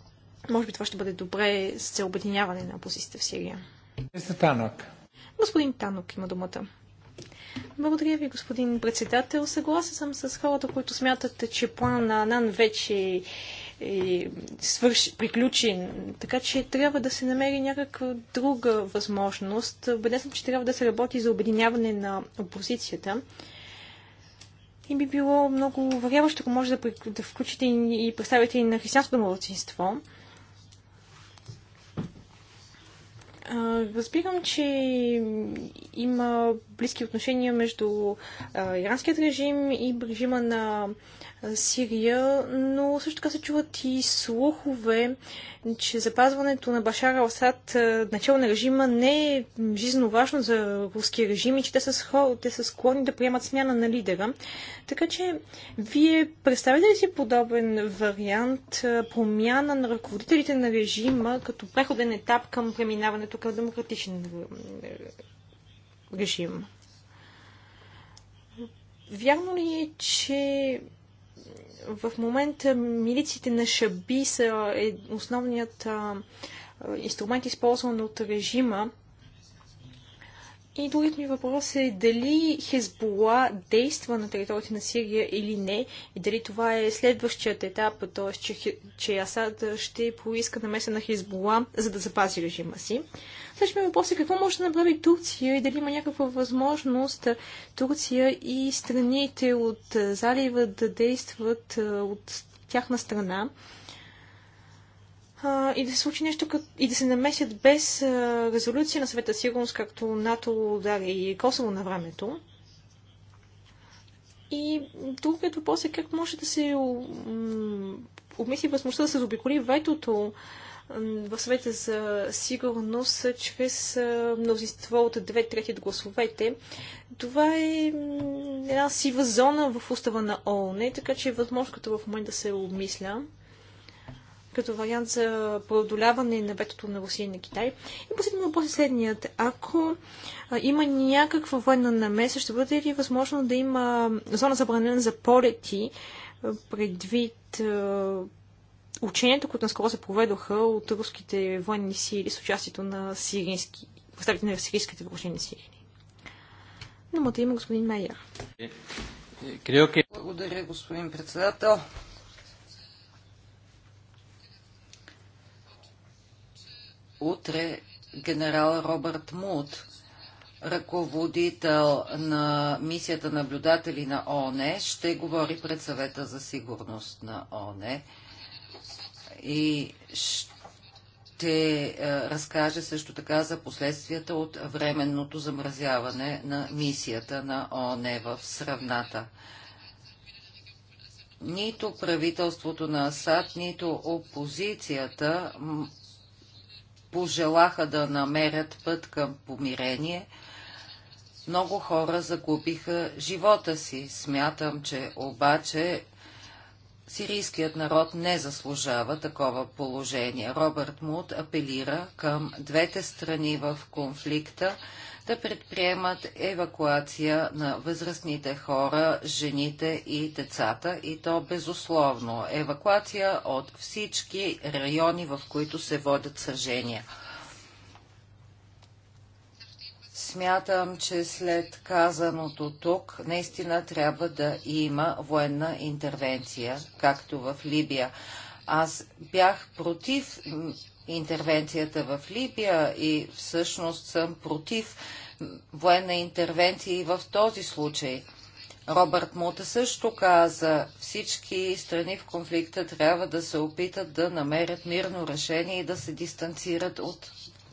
Може би това ще бъде добре с цел обединяване на позицията в Сирия. Господин Танок има думата. Благодаря ви, господин председател. Съгласен съм с хората, които смятат, че план на НАН вече е свърш, приключен. Така че трябва да се намери някаква друга възможност. Бъде съм, че трябва да се работи за обединяване на опозицията. И би било много варяващо, ако може да, да включите и представите и на християнското младсинство. Разбирам, че има близки отношения между иранският режим и режима на Сирия, но също така се чуват и слухове, че запазването на Башар Алсад, начало на режима, не е жизненно важно за руския режим и че те са, схо, те са склонни да приемат смяна на лидера. Така че, вие представите ли си подобен вариант промяна на ръководителите на режима като преходен етап към преминаването към демократичен режим? Вярно ли е, че в момента милиците на Шаби са е, основният инструмент, използван от режима и другият ми въпрос е дали Хезбола действа на територията на Сирия или не и дали това е следващият етап, т.е. Че, че Асад ще поиска намеса на Хезбола, за да запази режима си. Следващия ми въпрос е какво може да направи Турция и дали има някаква възможност Турция и страните от залива да действат от тяхна страна а, и да се случи нещо като, и да се намесят без а, резолюция на съвета сигурност, както НАТО удари и Косово на времето. И другият е въпрос е как може да се обмисли възможността да се заобиколи ветото в съвета за сигурност чрез мнозинство от две трети от гласовете. Това е една сива зона в устава на ООН, така че е възможно като в момента да се обмисля като вариант за преодоляване на ветото на Русия и на Китай. И последният въпрос е следният. Ако има някаква военна намеса, ще бъде ли възможно да има зона забранена за полети предвид ученията, които наскоро се проведоха от руските военни сили с участието на сирийски, представители на сирийските въоръжени сили? Думата има господин Мейер. Е, е, Благодаря, господин председател. утре генерал Робърт Муд, ръководител на мисията наблюдатели на ООН, ще говори пред съвета за сигурност на ООН и ще е, разкаже също така за последствията от временното замразяване на мисията на ООН в сравната нито правителството на Асад, нито опозицията пожелаха да намерят път към помирение, много хора загубиха живота си. Смятам, че обаче сирийският народ не заслужава такова положение. Робърт Муд апелира към двете страни в конфликта да предприемат евакуация на възрастните хора, жените и децата и то безусловно. Евакуация от всички райони, в които се водят сражения. Смятам, че след казаното тук наистина трябва да има военна интервенция, както в Либия. Аз бях против интервенцията в Либия и всъщност съм против военна интервенция и в този случай. Робърт Мута също каза, всички страни в конфликта трябва да се опитат да намерят мирно решение и да се дистанцират от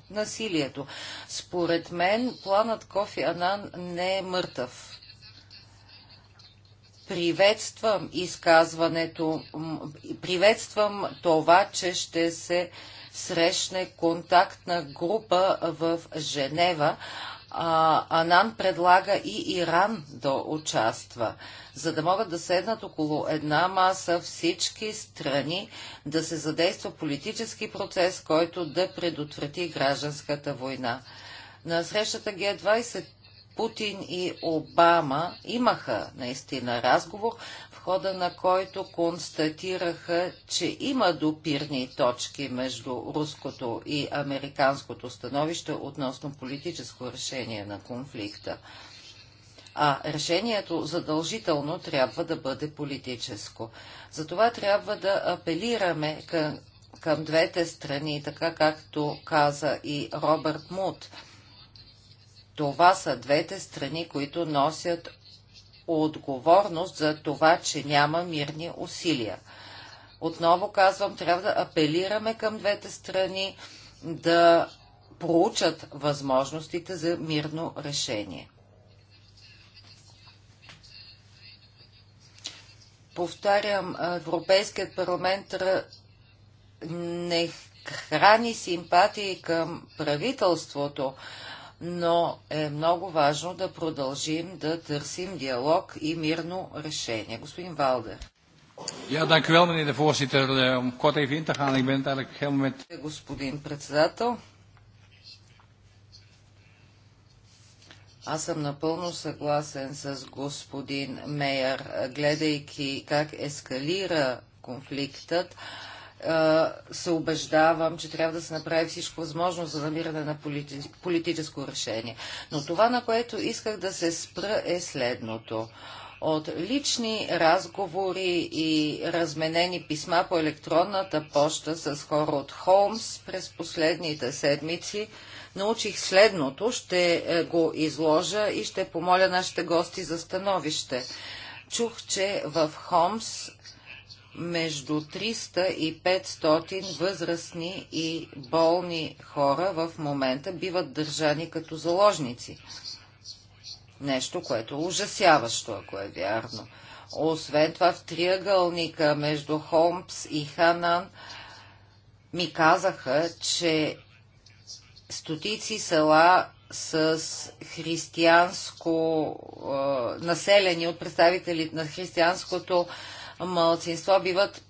насилието. Според мен планът Кофи Анан не е мъртъв. Приветствам изказването, приветствам това, че ще се срещне контактна група в Женева. А, Анан предлага и Иран да участва, за да могат да седнат около една маса всички страни, да се задейства политически процес, който да предотврати гражданската война. На срещата Г-20 Путин и Обама имаха наистина разговор, хода на който констатираха, че има допирни точки между руското и американското становище относно политическо решение на конфликта. А решението задължително трябва да бъде политическо. Затова трябва да апелираме към, към двете страни, така както каза и Робърт Мут. Това са двете страни, които носят отговорност за това, че няма мирни усилия. Отново казвам, трябва да апелираме към двете страни да проучат възможностите за мирно решение. Повтарям, Европейският парламент не храни симпатии към правителството но е много важно да продължим да търсим диалог и мирно решение. Господин Валдер. Ja, dank u wel, meneer de voorzitter. om kort even in te gaan, ik ben het eigenlijk helemaal met... Е, господин председател, аз съм напълно съгласен с господин Мейер, гледайки как ескалира конфликтът се убеждавам, че трябва да се направи всичко възможно за намиране на политическо, политическо решение. Но това, на което исках да се спра, е следното. От лични разговори и разменени писма по електронната поща с хора от Холмс през последните седмици, научих следното, ще е, го изложа и ще помоля нашите гости за становище. Чух, че в Холмс между 300 и 500 възрастни и болни хора в момента биват държани като заложници. Нещо, което е ужасяващо, ако е вярно. Освен това в триъгълника между Холмс и Ханан ми казаха, че стотици села с християнско е, населени от представители на християнското е, мълцинства биват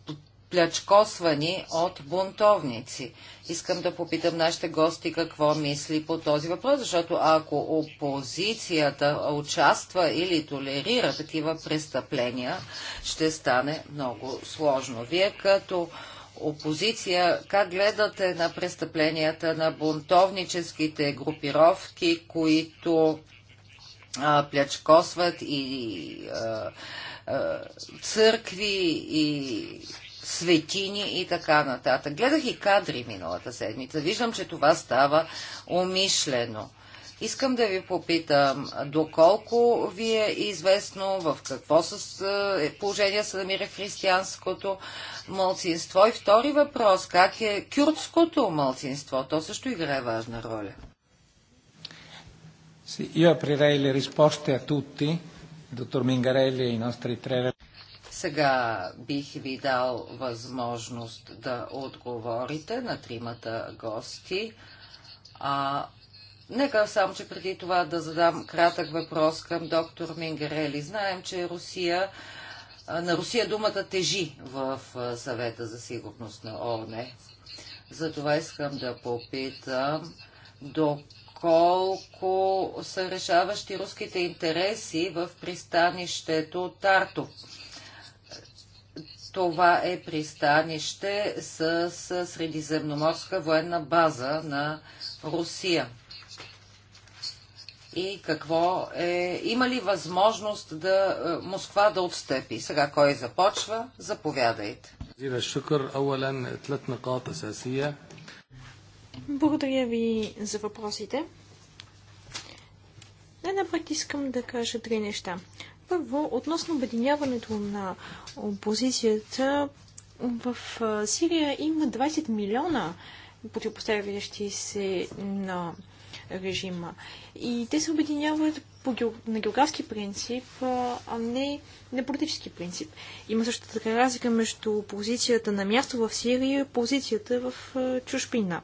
плячкосвани от бунтовници. Искам да попитам нашите гости какво мисли по този въпрос, защото ако опозицията участва или толерира такива престъпления, ще стане много сложно. Вие като опозиция, как гледате на престъпленията на бунтовническите групировки, които а, плячкосват и а, е, църкви и светини и така нататък. Гледах и кадри миналата седмица. Виждам, че това става умишлено. Искам да ви попитам, доколко ви е известно в какво е, положение се намира християнското мълцинство? И втори въпрос, как е кюртското мълцинство? То също играе важна роля. Sì, io aprirei le risposte a tutti. Доктор Мингарели и ностри тре... Сега бих ви дал възможност да отговорите на тримата гости. А, нека само, че преди това да задам кратък въпрос към доктор Мингарели. Знаем, че Русия на Русия думата тежи в съвета за сигурност на ООН. Затова искам да попитам до колко са решаващи руските интереси в пристанището Тарто. Това е пристанище с средиземноморска военна база на Русия. И какво е... Има ли възможност да е, Москва да отстъпи? Сега кой започва? Заповядайте. Шукър, اولا ثلاث نقاط اساسيه благодаря ви за въпросите. Най-напред искам да кажа три неща. Първо, относно обединяването на опозицията, в Сирия има 20 милиона противопоставящи се на режима. И те се обединяват по, на географски принцип, а не на политически принцип. Има също така разлика между позицията на място в Сирия и позицията в чужбина.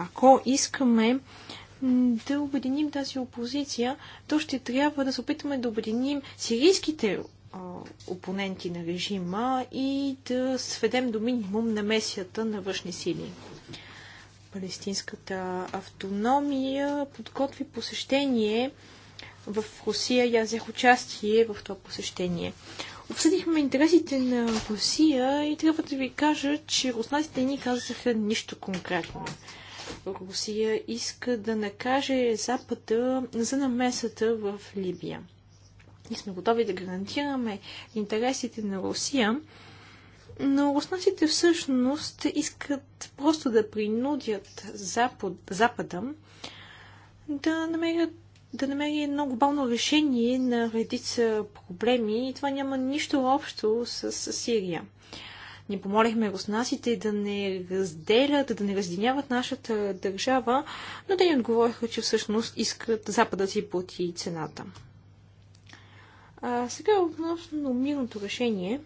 Ако искаме да обединим тази опозиция, то ще трябва да се опитаме да обединим сирийските опоненти на режима и да сведем до минимум намесията на външни сили. Палестинската автономия подготви посещение в Русия и аз взех участие в това посещение. Обсъдихме интересите на Русия и трябва да ви кажа, че руснаците ни казаха нищо конкретно. Русия иска да накаже Запада за намесата в Либия. И сме готови да гарантираме интересите на Русия, но руснаците всъщност искат просто да принудят Запад, Запада да намерят да намери едно глобално решение на редица проблеми и това няма нищо общо с, с Сирия. Не помолихме руснаците да не разделят, да не разденяват нашата държава, но те ни отговориха, че всъщност искат Запада да си плати цената. А сега относно мирното решение.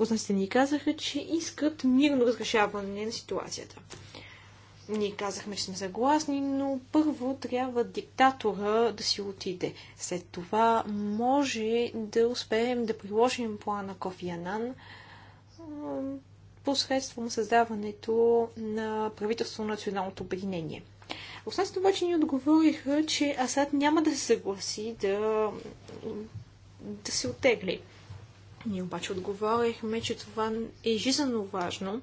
Руснаците ни казаха, че искат мирно разрешаване на ситуацията. Ние казахме, че сме съгласни, но първо трябва диктатора да си отиде. След това може да успеем да приложим плана Кофи Анан посредством създаването на правителство на националното обединение. Освен това, че ни отговориха, че Асад няма да се съгласи да, да се отегли. Ние обаче отговорихме, че това е жизненно важно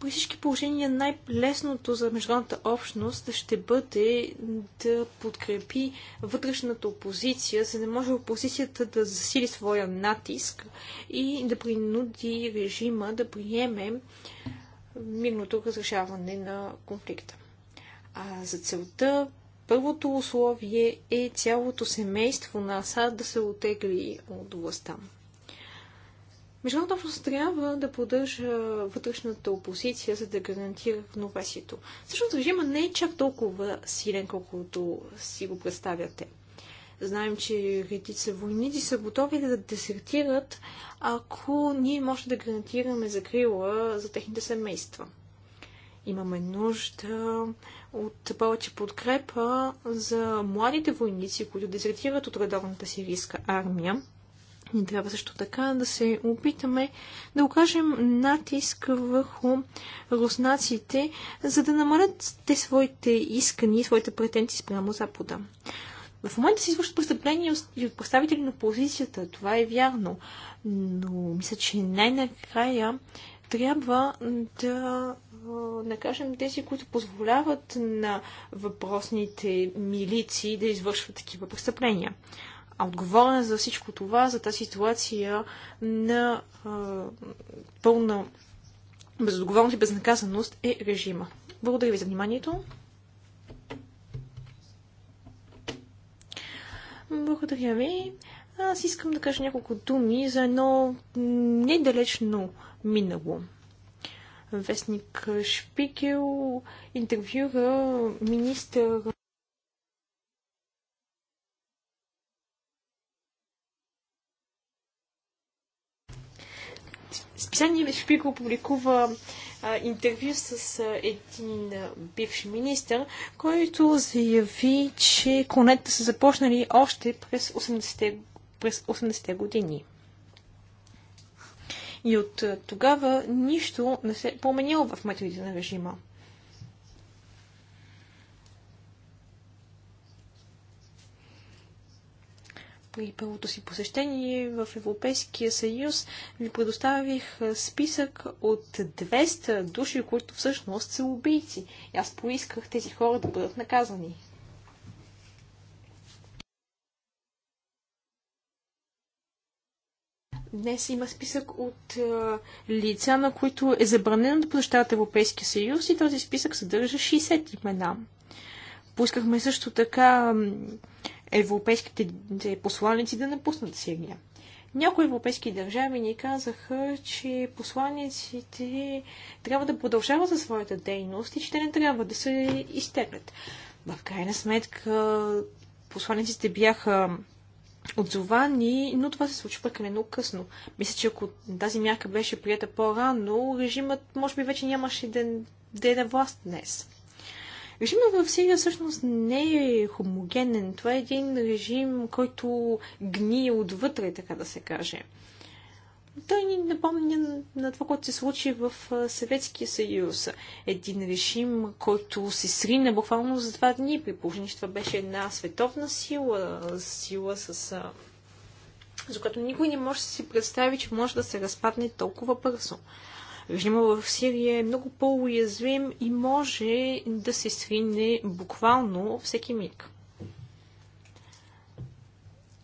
при всички положения най-лесното за международната общност ще бъде да подкрепи вътрешната опозиция, за да може опозицията да засили своя натиск и да принуди режима да приеме мирното разрешаване на конфликта. А за целта първото условие е цялото семейство на Асад да се отегли от властта. Международната общност трябва да поддържа вътрешната опозиция, за да гарантира равновесието. Всъщност режима не е чак толкова силен, колкото си го представяте. Знаем, че редица войници са готови да десертират, ако ние може да гарантираме закрила за техните семейства. Имаме нужда от повече подкрепа за младите войници, които дезертират от редовната сирийска армия ни трябва също така да се опитаме да окажем натиск върху руснаците, за да намалят те своите искани, своите претенции спрямо Запада. В момента се извършват престъпления и от представители на позицията, Това е вярно. Но мисля, че най-накрая трябва да накажем тези, които позволяват на въпросните милиции да извършват такива престъпления. А отговорен за всичко това, за тази ситуация на а, пълна безотговорност и безнаказаност е режима. Благодаря ви за вниманието. Благодаря ви. Аз искам да кажа няколко думи за едно недалечно минало. Вестник Шпикел интервюра министър списание Шпигъл публикува интервю с един бивш министр, който заяви, че клонетата са започнали още през 80-те, през 80 години. И от тогава нищо не се е променило в методите на режима. при първото си посещение в Европейския съюз ви предоставих списък от 200 души, които всъщност са убийци. И аз поисках тези хора да бъдат наказани. Днес има списък от е, лица, на които е забранено да посещават Европейския съюз и този списък съдържа 60 имена. Поискахме също така европейските посланици да напуснат Сирия. Някои европейски държави ни казаха, че посланиците трябва да продължават за своята дейност и че те не трябва да се изтеглят. В крайна сметка посланиците бяха отзовани, но това се случва прекалено късно. Мисля, че ако тази мярка беше прията по-рано, режимът може би вече нямаше да, да е на власт днес. Режимът в Сирия всъщност не е хомогенен. Това е един режим, който гние отвътре, така да се каже. Той ни напомня на това, което се случи в Съветския съюз. Един режим, който се срина буквално за два дни, при положение, че това беше една световна сила, сила с за която никой не може да си представи, че може да се разпадне толкова бързо. Режимът в Сирия е много по-уязвим и може да се свине буквално всеки миг.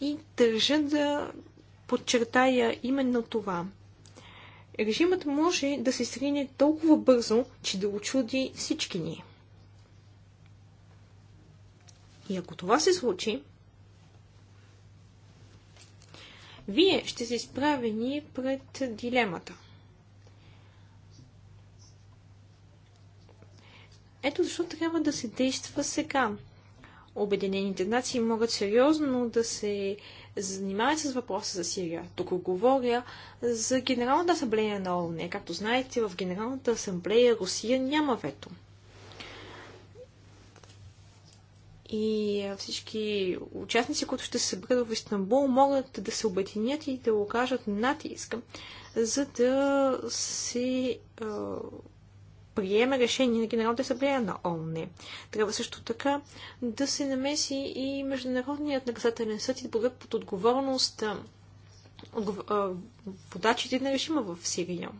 И държа да подчертая именно това. Режимът може да се срине толкова бързо, че да очуди всички ни. И ако това се случи, вие ще се изправени пред дилемата – Ето защо трябва да се действа сега. Обединените нации могат сериозно да се занимават с въпроса за Сирия. Тук говоря за Генералната асамблея на ООН. Както знаете, в Генералната асамблея Русия няма вето. И всички участници, които ще се съберат в Истанбул, могат да се обединят и да окажат натиск, за да се приеме решение на Генералната събрания на ООН. Трябва също така да се намеси и Международният наказателен съд и да поглед под отговорност водачите на режима в Сирия.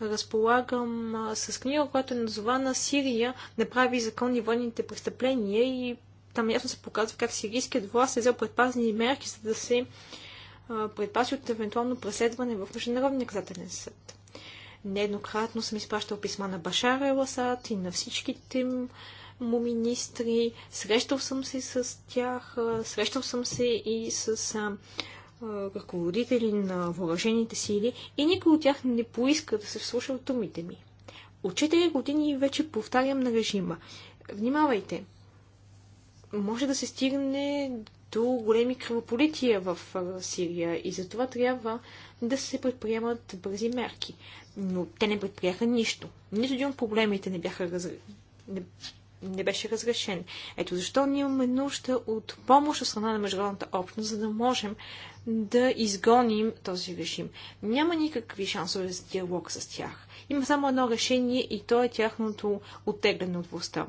Разполагам с книга, която е назована Сирия не прави законни военните престъпления и там ясно се показва как сирийският власт е взел предпазни мерки, за да се предпази от евентуално преследване в Международния наказателен съд. Нееднократно съм изпращал писма на Башара Еласад и на всичките му министри. Срещал съм се с тях, срещал съм се и с а, ръководители на въоръжените сили и никой от тях не поиска да се вслуша от думите ми. От 4 години вече повтарям на режима. Внимавайте! Може да се стигне до големи кръвополития в Сирия и за това трябва да се предприемат бързи мерки но те не предприеха нищо. Нито един от проблемите не, бяха раз... не... не беше разрешен. Ето защо ние имаме нужда от помощ от страна на международната общност, за да можем да изгоним този режим. Няма никакви шансове за диалог с тях. Има само едно решение и то е тяхното оттегляне от властта.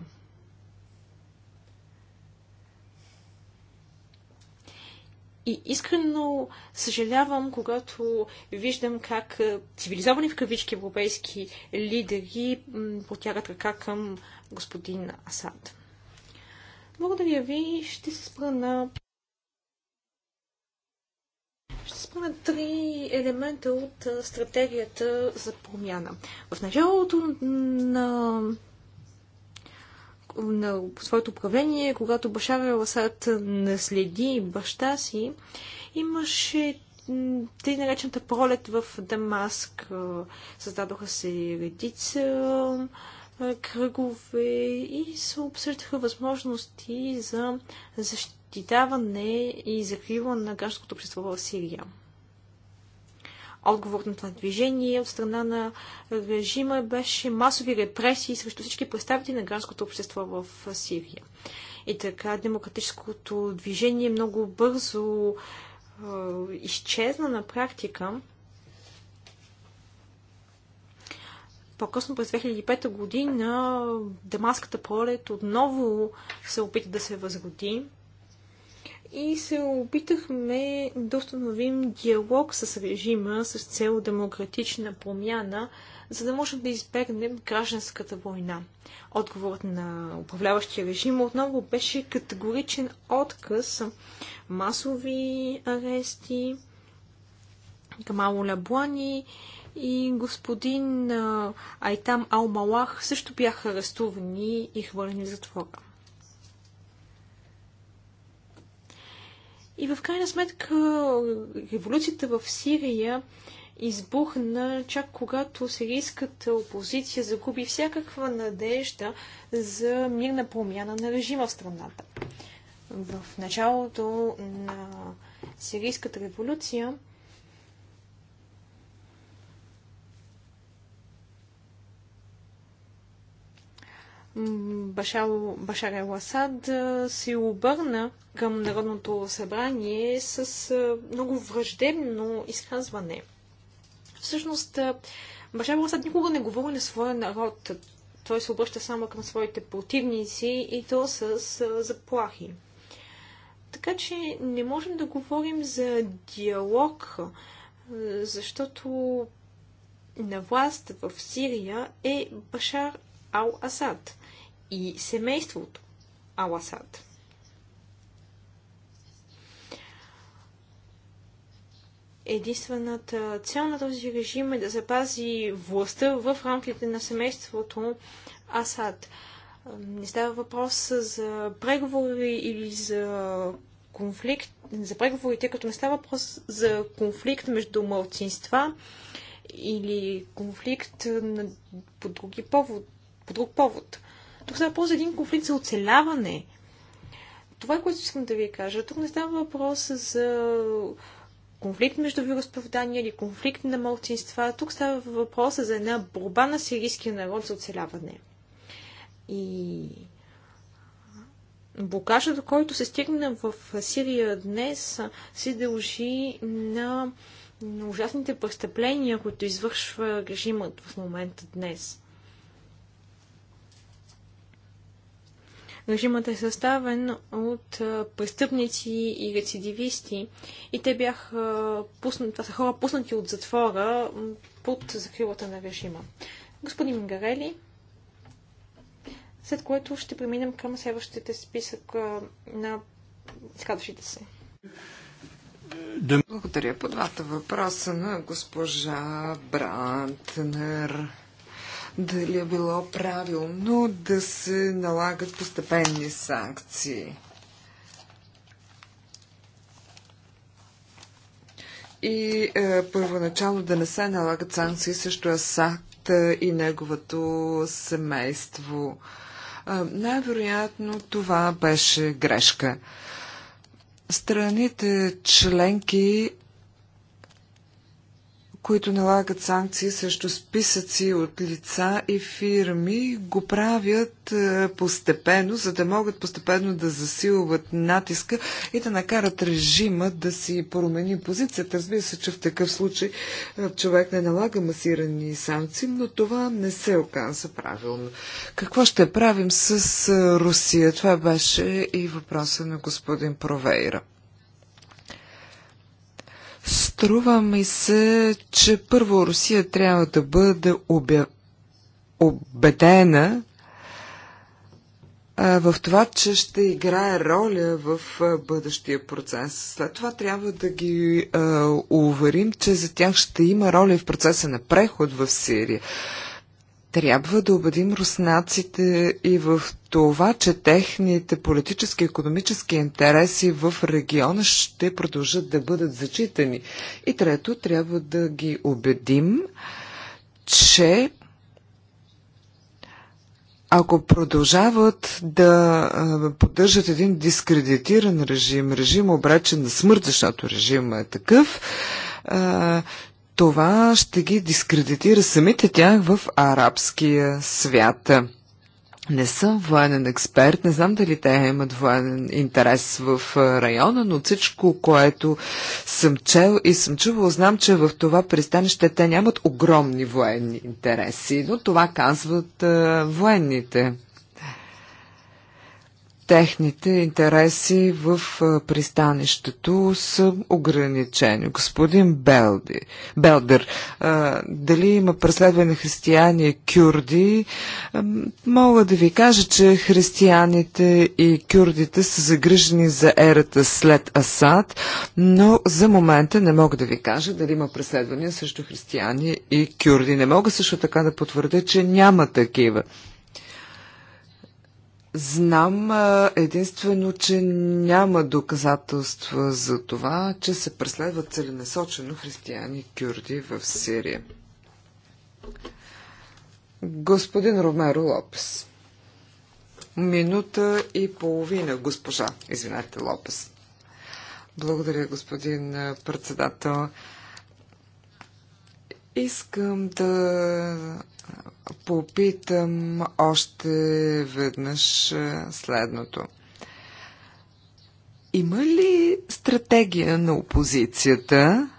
И искрено съжалявам, когато виждам как цивилизовани в кавички европейски лидери протягат ръка към господин Асад. Благодаря ви. Ще се спра на ще на три елемента от стратегията за промяна. В началото на на своето управление, когато Башар Аласад наследи баща си, имаше тъй наречената пролет в Дамаск. Създадоха се редица кръгове и се обсъждаха възможности за защитаване и закриване на гражданското общество в Сирия отговор на това движение от страна на режима беше масови репресии срещу всички представители на гражданското общество в Сирия. И така демократическото движение много бързо е, изчезна на практика. По-късно през 2005 година Дамаската пролет отново се опита да се възроди и се опитахме да установим диалог с режима с цел демократична промяна, за да можем да избегнем гражданската война. Отговорът на управляващия режим отново беше категоричен отказ, масови арести, Камало Лаблани и господин Айтам Алмалах също бяха арестувани и хвърлени в затвора. И в крайна сметка революцията в Сирия избухна чак когато сирийската опозиция загуби всякаква надежда за мирна промяна на режима в страната. В началото на сирийската революция Башар, Башар Еласад се обърна към Народното събрание с много враждебно изказване. Всъщност, Башар Еласад никога не говори на своя народ. Той се обръща само към своите противници и то с заплахи. Така че не можем да говорим за диалог, защото на власт в Сирия е Башар Ал-Асад и семейството Аласад. Единствената цел на този режим е да запази властта в рамките на семейството Асад. Не става въпрос за преговори или за конфликт, за преговорите, като не става въпрос за конфликт между мълцинства или конфликт по, други повод, по друг повод. Тук става въпрос за един конфликт за оцеляване. Това, което искам да ви кажа, тук не става въпрос за конфликт между вероисповедания или конфликт на малцинства. Тук става въпроса за една борба на сирийския народ за оцеляване. И блокажа, до който се стигна в Сирия днес, се дължи на ужасните престъпления, които извършва режимът в момента днес. Режимът е съставен от престъпници и рецидивисти и те бяха пуснати, това са хора пуснати от затвора под закрилата на режима. Господин Мингарели, след което ще преминем към следващите списък на изказващите се. Благодаря по двата въпроса на госпожа Брантнер дали е било правилно да се налагат постепенни санкции. И е, първоначално да не се налагат санкции също Асад е, и неговото семейство. Е, най-вероятно това беше грешка. Страните членки които налагат санкции срещу списъци от лица и фирми, го правят е, постепенно, за да могат постепенно да засилват натиска и да накарат режима да си промени позицията. Разбира се, че в такъв случай е, човек не налага масирани санкции, но това не се оказа правилно. Какво ще правим с е, Русия? Това беше и въпроса на господин Провейра. Струва ми се, че първо Русия трябва да бъде обя... обедена а, в това, че ще играе роля в а, бъдещия процес. След това трябва да ги а, уверим, че за тях ще има роля в процеса на преход в Сирия. Трябва да убедим руснаците и в това, че техните политически и економически интереси в региона ще продължат да бъдат зачитани. И трето, трябва да ги убедим, че ако продължават да поддържат един дискредитиран режим, режим обречен на смърт, защото режимът е такъв, това ще ги дискредитира самите тях в арабския свят. Не съм военен експерт, не знам дали те имат военен интерес в района, но всичко, което съм чел и съм чувал, знам, че в това пристанище те нямат огромни военни интереси, но това казват а, военните техните интереси в пристанището са ограничени. Господин Белди, Белдер, а, дали има преследване на християни и кюрди? А, мога да ви кажа, че християните и кюрдите са загрижени за ерата след Асад, но за момента не мога да ви кажа дали има преследвания срещу християни и кюрди. Не мога също така да потвърдя, че няма такива. Знам единствено, че няма доказателства за това, че се преследват целенасочено християни кюрди в Сирия. Господин Ромеро Лопес. Минута и половина, госпожа. Извинете, Лопес. Благодаря, господин председател. Искам да попитам още веднъж е, следното. Има ли стратегия на опозицията,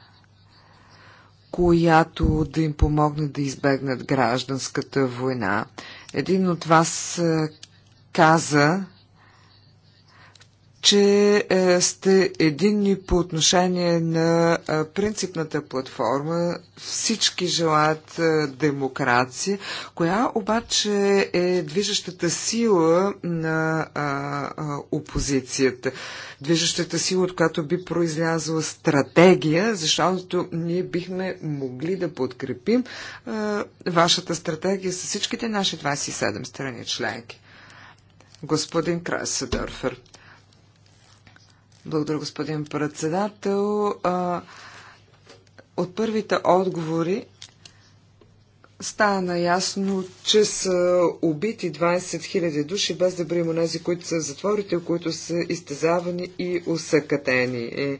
която да им помогне да избегнат гражданската война? Един от вас е, каза, че е, сте единни по отношение на е, принципната платформа. Всички желаят е, демокрация, коя обаче е движещата сила на опозицията. Движещата сила, от която би произлязла стратегия, защото ние бихме могли да подкрепим вашата стратегия с всичките наши 27 страни членки. Господин Крайседърфер. Благодаря, господин председател. От първите отговори стана ясно, че са убити 20 000 души, без да бъдем онези, които са в затворите, които са изтезавани и усъкатени. Е,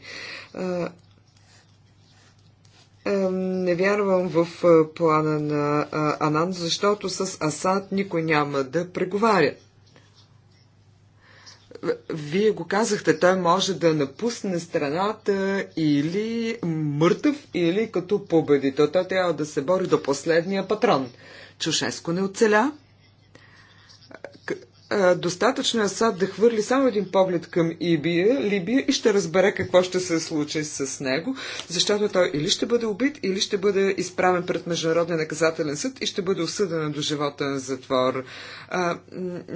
е, не вярвам в е, плана на Анан, защото с Асад никой няма да преговаря вие го казахте, той може да напусне страната или мъртъв, или като победител. Той трябва да се бори до последния патрон. Чушеско не оцеля достатъчно е Асад да хвърли само един поглед към Ибия, Либия и ще разбере какво ще се случи с него, защото той или ще бъде убит, или ще бъде изправен пред Международния наказателен съд и ще бъде осъден до живота на затвор. А,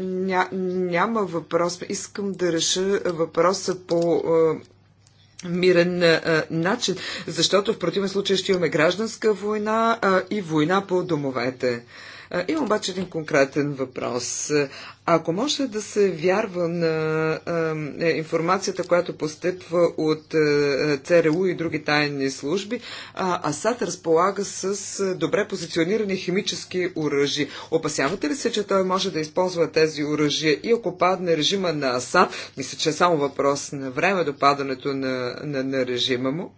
ня, няма въпрос. Искам да реша въпроса по мирен а, начин, защото в противен случай ще имаме гражданска война а, и война по домовете. Имам обаче един конкретен въпрос. Ако може да се вярва на е, информацията, която постъпва от е, ЦРУ и други тайни служби, Асад разполага с е, добре позиционирани химически оръжия. Опасявате ли се, че той може да използва тези оръжия и ако падне режима на Асад, мисля, че е само въпрос на време до падането на, на, на режима му?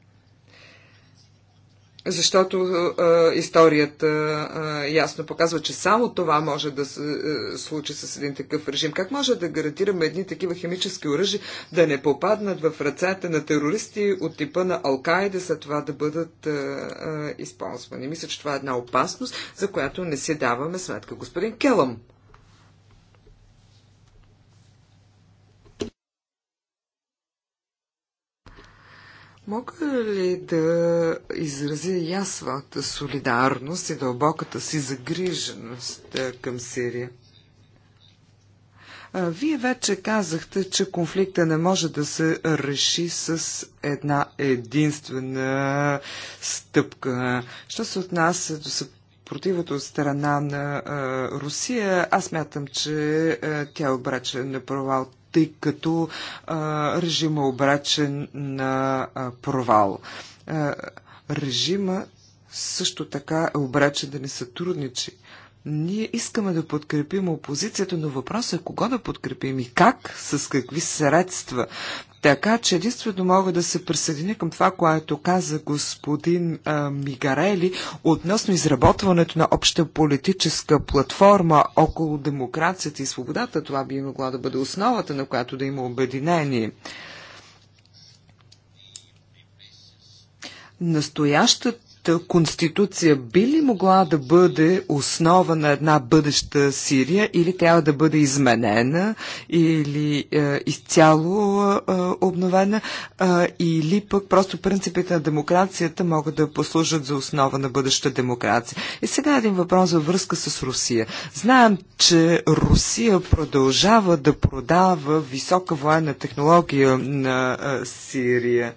защото а, е, е, историята а, е, ясно показва, че само това може да се а, случи с един такъв режим. Как може да гарантираме едни такива химически оръжи да не попаднат в ръцете на терористи от типа на Алкаида, след това да бъдат а, а, използвани? Мисля, че това е една опасност, за която не си даваме сметка. Господин Келъм. Мога ли да изразя и аз своята солидарност и дълбоката си загриженост е, към Сирия? Вие вече казахте, че конфликта не може да се реши с една единствена стъпка. Що се отнася до съпротивата от страна на Русия, аз мятам, че тя е обрече на провал тъй като а, режима е на а, провал. А, режима също така е обрачен да ни сътрудничи. Ние искаме да подкрепим опозицията, но въпросът е кога да подкрепим и как, с какви средства. Така че единствено мога да се присъединя към това, което каза господин а, Мигарели относно изработването на обща политическа платформа около демокрацията и свободата. Това би могла да бъде основата, на която да има обединение. Настоящата бъдеща конституция би ли могла да бъде основа на една бъдеща Сирия или трябва да бъде изменена или е, изцяло е, обновена е, или пък просто принципите на демокрацията могат да послужат за основа на бъдеща демокрация. И сега един въпрос във връзка с Русия. Знаем, че Русия продължава да продава висока военна технология на е, Сирия.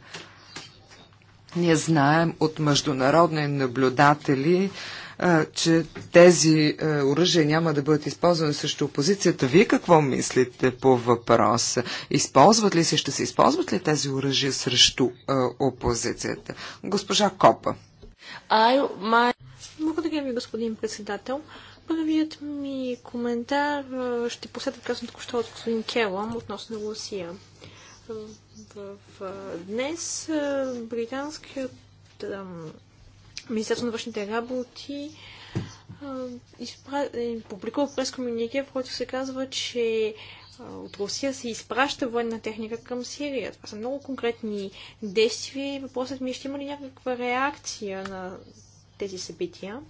Ние знаем от международни наблюдатели, че тези оръжия няма да бъдат използвани срещу опозицията. Вие какво мислите по въпроса? Използват ли се, ще се използват ли тези оръжия срещу опозицията? Госпожа Копа. I, да Благодаря ви, господин председател. Първият ми коментар ще последва казвам току-що от господин Келам относно Русия в, в, днес британският Министерство на външните работи е, публикува през комюнике, в който се казва, че от Русия се изпраща военна техника към Сирия. Това са много конкретни действия въпросът ми е, ще има ли някаква реакция на тези събития?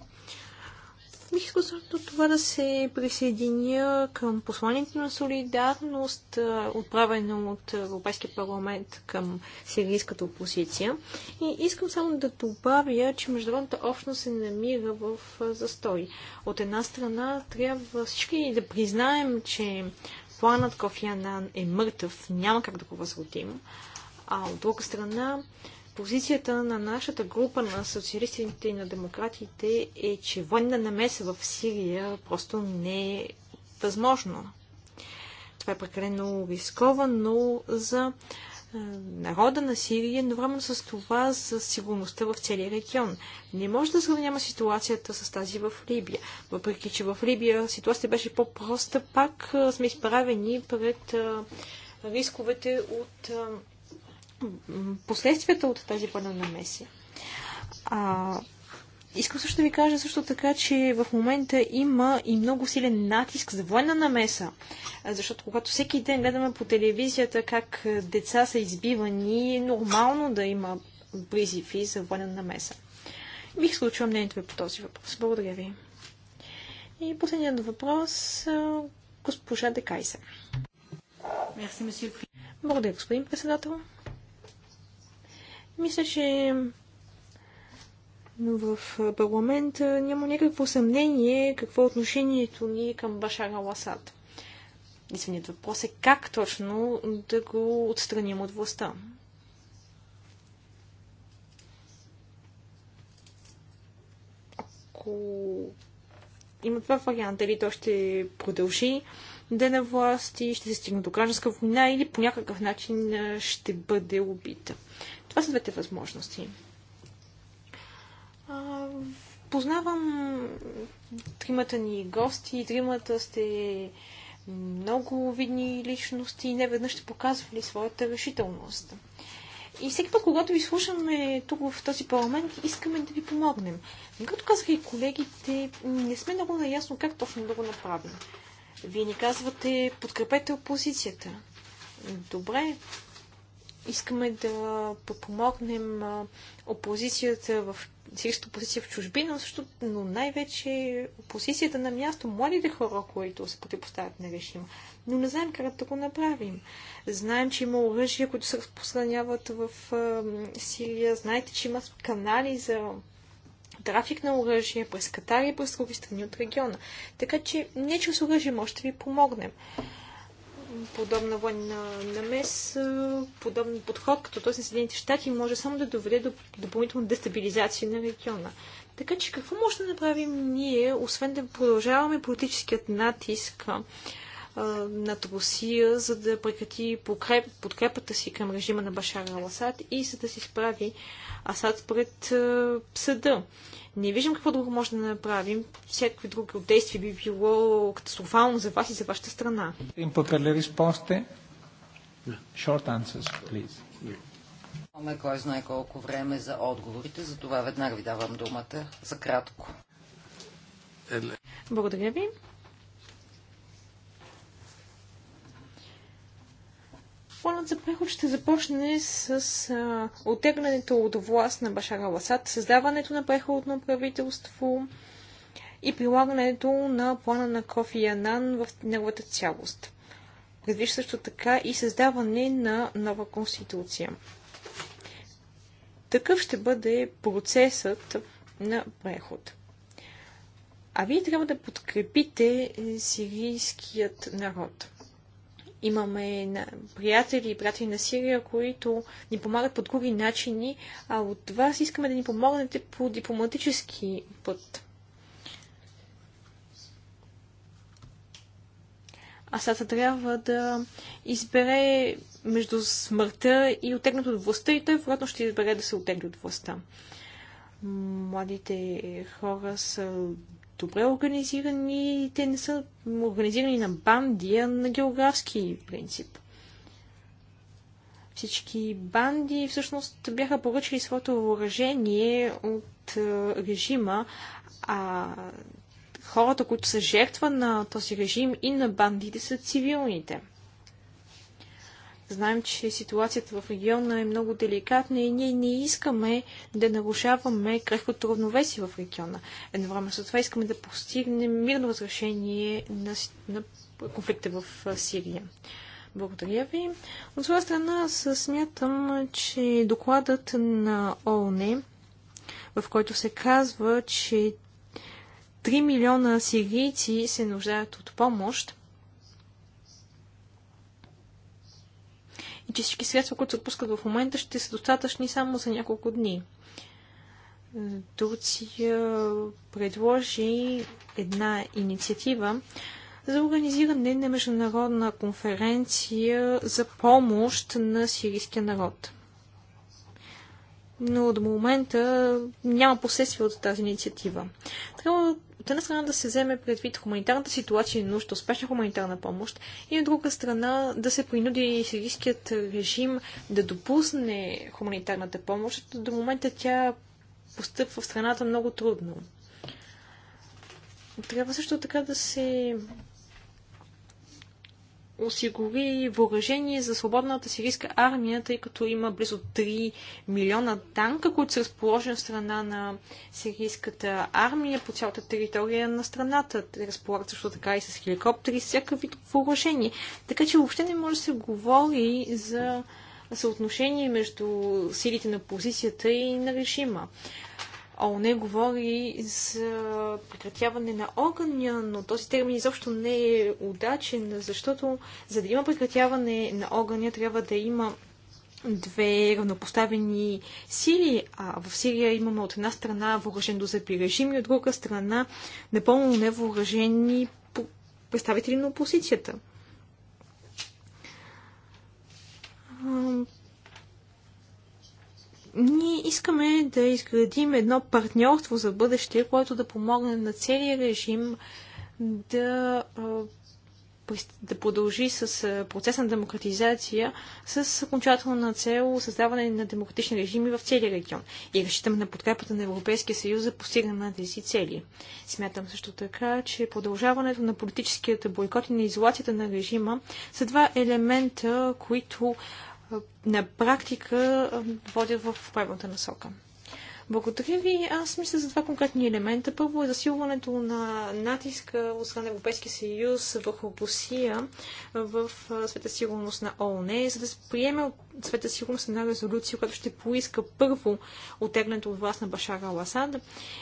Бих искал също това да се присъединя към посланието на солидарност, отправено от Европейския парламент към сирийската опозиция. И искам само да добавя, че международната общност се намира в застой. От една страна трябва всички да признаем, че планът Кофи Анан е мъртъв, няма как да го възродим. А от друга страна, Позицията на нашата група на социалистите и на демократите е, че военна намеса в Сирия просто не е възможно. Това е прекалено рисковано за е, народа на Сирия, но време с това за сигурността в целия регион. Не може да сравняма ситуацията с тази в Либия. Въпреки, че в Либия ситуацията беше по-проста, пак е, сме изправени пред е, рисковете от последствията от тази военна намеси. А, искам също да ви кажа също така, че в момента има и много силен натиск за военна намеса, защото когато всеки ден гледаме по телевизията как деца са избивани, е нормално да има призиви за военна намеса. Бих случила мнението ви по този въпрос. Благодаря ви. И последният въпрос госпожа Декайсер. Благодаря, господин председател. Мисля, че в парламента няма някакво съмнение какво е отношението ни към Башар Аласад. Извинят въпрос е как точно да го отстраним от властта. Ако има два варианта, или то ще продължи да е на власт и ще се стигне до гражданска война или по някакъв начин ще бъде убита. Това са двете възможности. А, познавам тримата ни гости, тримата сте много видни личности и не веднъж ще показвали своята решителност. И всеки път, когато ви слушаме тук в този парламент, искаме да ви помогнем. Но като казаха и колегите, не сме много наясно как точно да го направим. Вие ни казвате, подкрепете опозицията. Добре, Искаме да подпомогнем опозицията в сирийската опозиция в чужбина, също, но най-вече опозицията на място, младите хора, които се противопоставят на режима. Но не знаем как да го направим. Знаем, че има оръжия, които се разпространяват в Сирия. Знаете, че има канали за трафик на оръжие през Катария и през други страни от региона. Така че не с оръжие може да ви помогнем подобна военна намес, подобен подход, като този на Съединените щати, може само да доведе до допълнителна дестабилизация на региона. Така че какво може да направим ние, освен да продължаваме политическият натиск над Русия, за да прекрати подкрепата си към режима на Башар Аласад и за да се справи Асад пред съда. Не виждам какво друго може да направим. Всякакви други действие би било катастрофално за вас и за вашата страна. Short answers, please. Имаме кой знае колко време за отговорите, затова веднага ви давам думата за кратко. Благодаря ви. Планът за преход ще започне с а, отеглянето от власт на Башара Ласад, създаването на преходно правителство и прилагането на плана на Кофи Янан в неговата цялост. Предвижда също така и създаване на нова конституция. Такъв ще бъде процесът на преход. А вие трябва да подкрепите сирийският народ. Имаме приятели и брати на Сирия, които ни помагат по други начини, а от вас искаме да ни помогнете по дипломатически път. Асата трябва да избере между смъртта и отегнат от властта и той вероятно ще избере да се отегне от властта. Младите хора са добре организирани, те не са организирани на банди, а на географски принцип. Всички банди всъщност бяха поръчали своето въоръжение от е, режима, а хората, които са жертва на този режим и на бандите, са цивилните. Знаем, че ситуацията в региона е много деликатна и ние не искаме да нарушаваме крехкото равновесие в региона. Едновременно с това искаме да постигнем мирно разрешение на, на конфликта в Сирия. Благодаря ви. От своя страна смятам, че докладът на ООН, в който се казва, че 3 милиона сирийци се нуждаят от помощ, че всички средства, които се отпускат в момента, ще са достатъчни само за няколко дни. Турция предложи една инициатива за организиране на международна конференция за помощ на сирийския народ. Но до момента няма последствия от тази инициатива. Трябва от една страна да се вземе предвид хуманитарната ситуация и нужда, успешна хуманитарна помощ, и от друга страна да се принуди сирийският режим да допусне хуманитарната помощ, защото до момента тя постъпва в страната много трудно. Трябва също така да се осигури въоръжение за свободната сирийска армия, тъй като има близо 3 милиона танка, които са разположени в страна на сирийската армия по цялата територия на страната. Те разполагат също така и с хеликоптери, всякакъв вид въоръжение. Така че въобще не може да се говори за съотношение между силите на позицията и на режима. ООН говори за прекратяване на огъня, но този термин изобщо не е удачен, защото за да има прекратяване на огъня, трябва да има две равнопоставени сили. А в Сирия имаме от една страна въоръжен до зъби режим и от друга страна напълно невъоръжени представители на опозицията. Ние искаме да изградим едно партньорство за бъдеще, което да помогне на целия режим да, да продължи с процес на демократизация с окончателна цел създаване на демократични режими в целия регион. И разчитам на подкрепата на Европейския съюз за постигане на тези цели. Смятам също така, че продължаването на политическията бойкот и на изолацията на режима са два елемента, които на практика водят в правилната насока. Благодаря ви. Аз мисля за два конкретни елемента. Първо е засилването на натиска от страна на Европейския съюз върху Русия в света сигурност на ООН, за да се приеме от света сигурност на резолюция, която ще поиска първо отеглянето от власт на Башара Аласад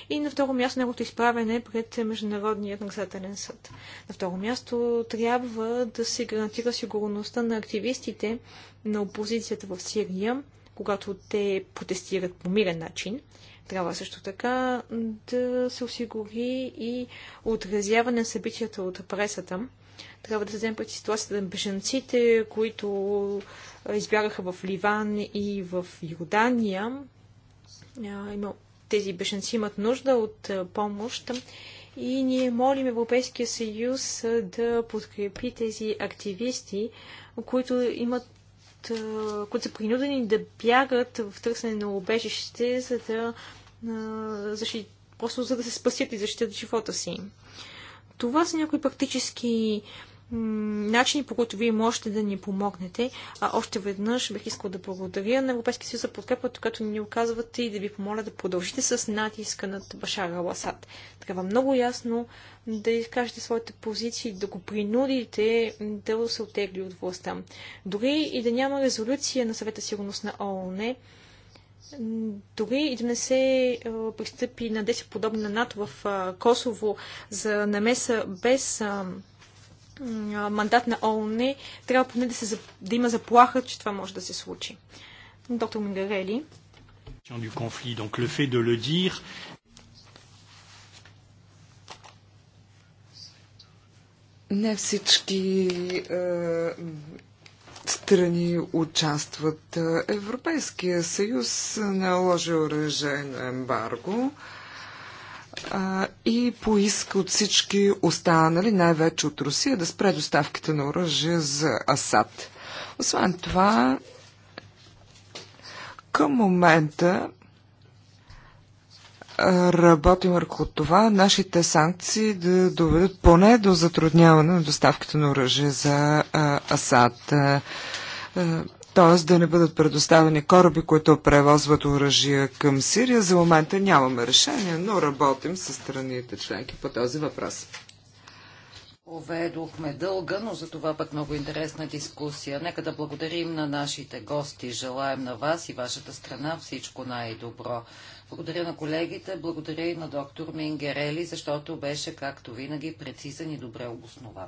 и на второ място неговото изправене пред Международният наказателен съд. На второ място трябва да се гарантира сигурността на активистите, на опозицията в Сирия, когато те протестират по мирен начин. Трябва също така да се осигури и отразяване на събитията от пресата. Трябва да се вземе пред ситуацията на беженците, които избягаха в Ливан и в Йордания. Тези беженци имат нужда от помощ и ние молим Европейския съюз да подкрепи тези активисти, които имат които са принудени да бягат в търсене на убежище, за да защит, просто за да се спасят и защитят живота си. Това са някои практически начини, по които вие можете да ни помогнете. А още веднъж бих искал да благодаря на Европейския съюз за подкрепата, която ни оказвате и да ви помоля да продължите с натиска над Башар Аласад. Трябва много ясно да изкажете своите позиции, да го принудите да се отегли от властта. Дори и да няма резолюция на съвета сигурност на ООН, дори и да не се пристъпи на 10 подобни на НАТО в Косово за намеса без мандат на ООН, е, трябва поне да, се, да има заплаха, че това може да се случи. Доктор Мингарели. Не всички е, страни участват. Европейския съюз наложи оръжейно ембарго. Е, а, и поиска от всички останали, най-вече от Русия, да спре доставките на оръжие за Асад. Освен това, към момента работим върху това нашите санкции да доведат поне до затрудняване на доставките на оръжие за а, Асад. А, т.е. да не бъдат предоставени кораби, които превозват оръжия към Сирия. За момента нямаме решение, но работим с страните членки по този въпрос. Оведохме дълга, но за това пък много интересна дискусия. Нека да благодарим на нашите гости. Желаем на вас и вашата страна всичко най-добро. Благодаря на колегите, благодаря и на доктор Мингерели, защото беше, както винаги, прецизен и добре обоснован.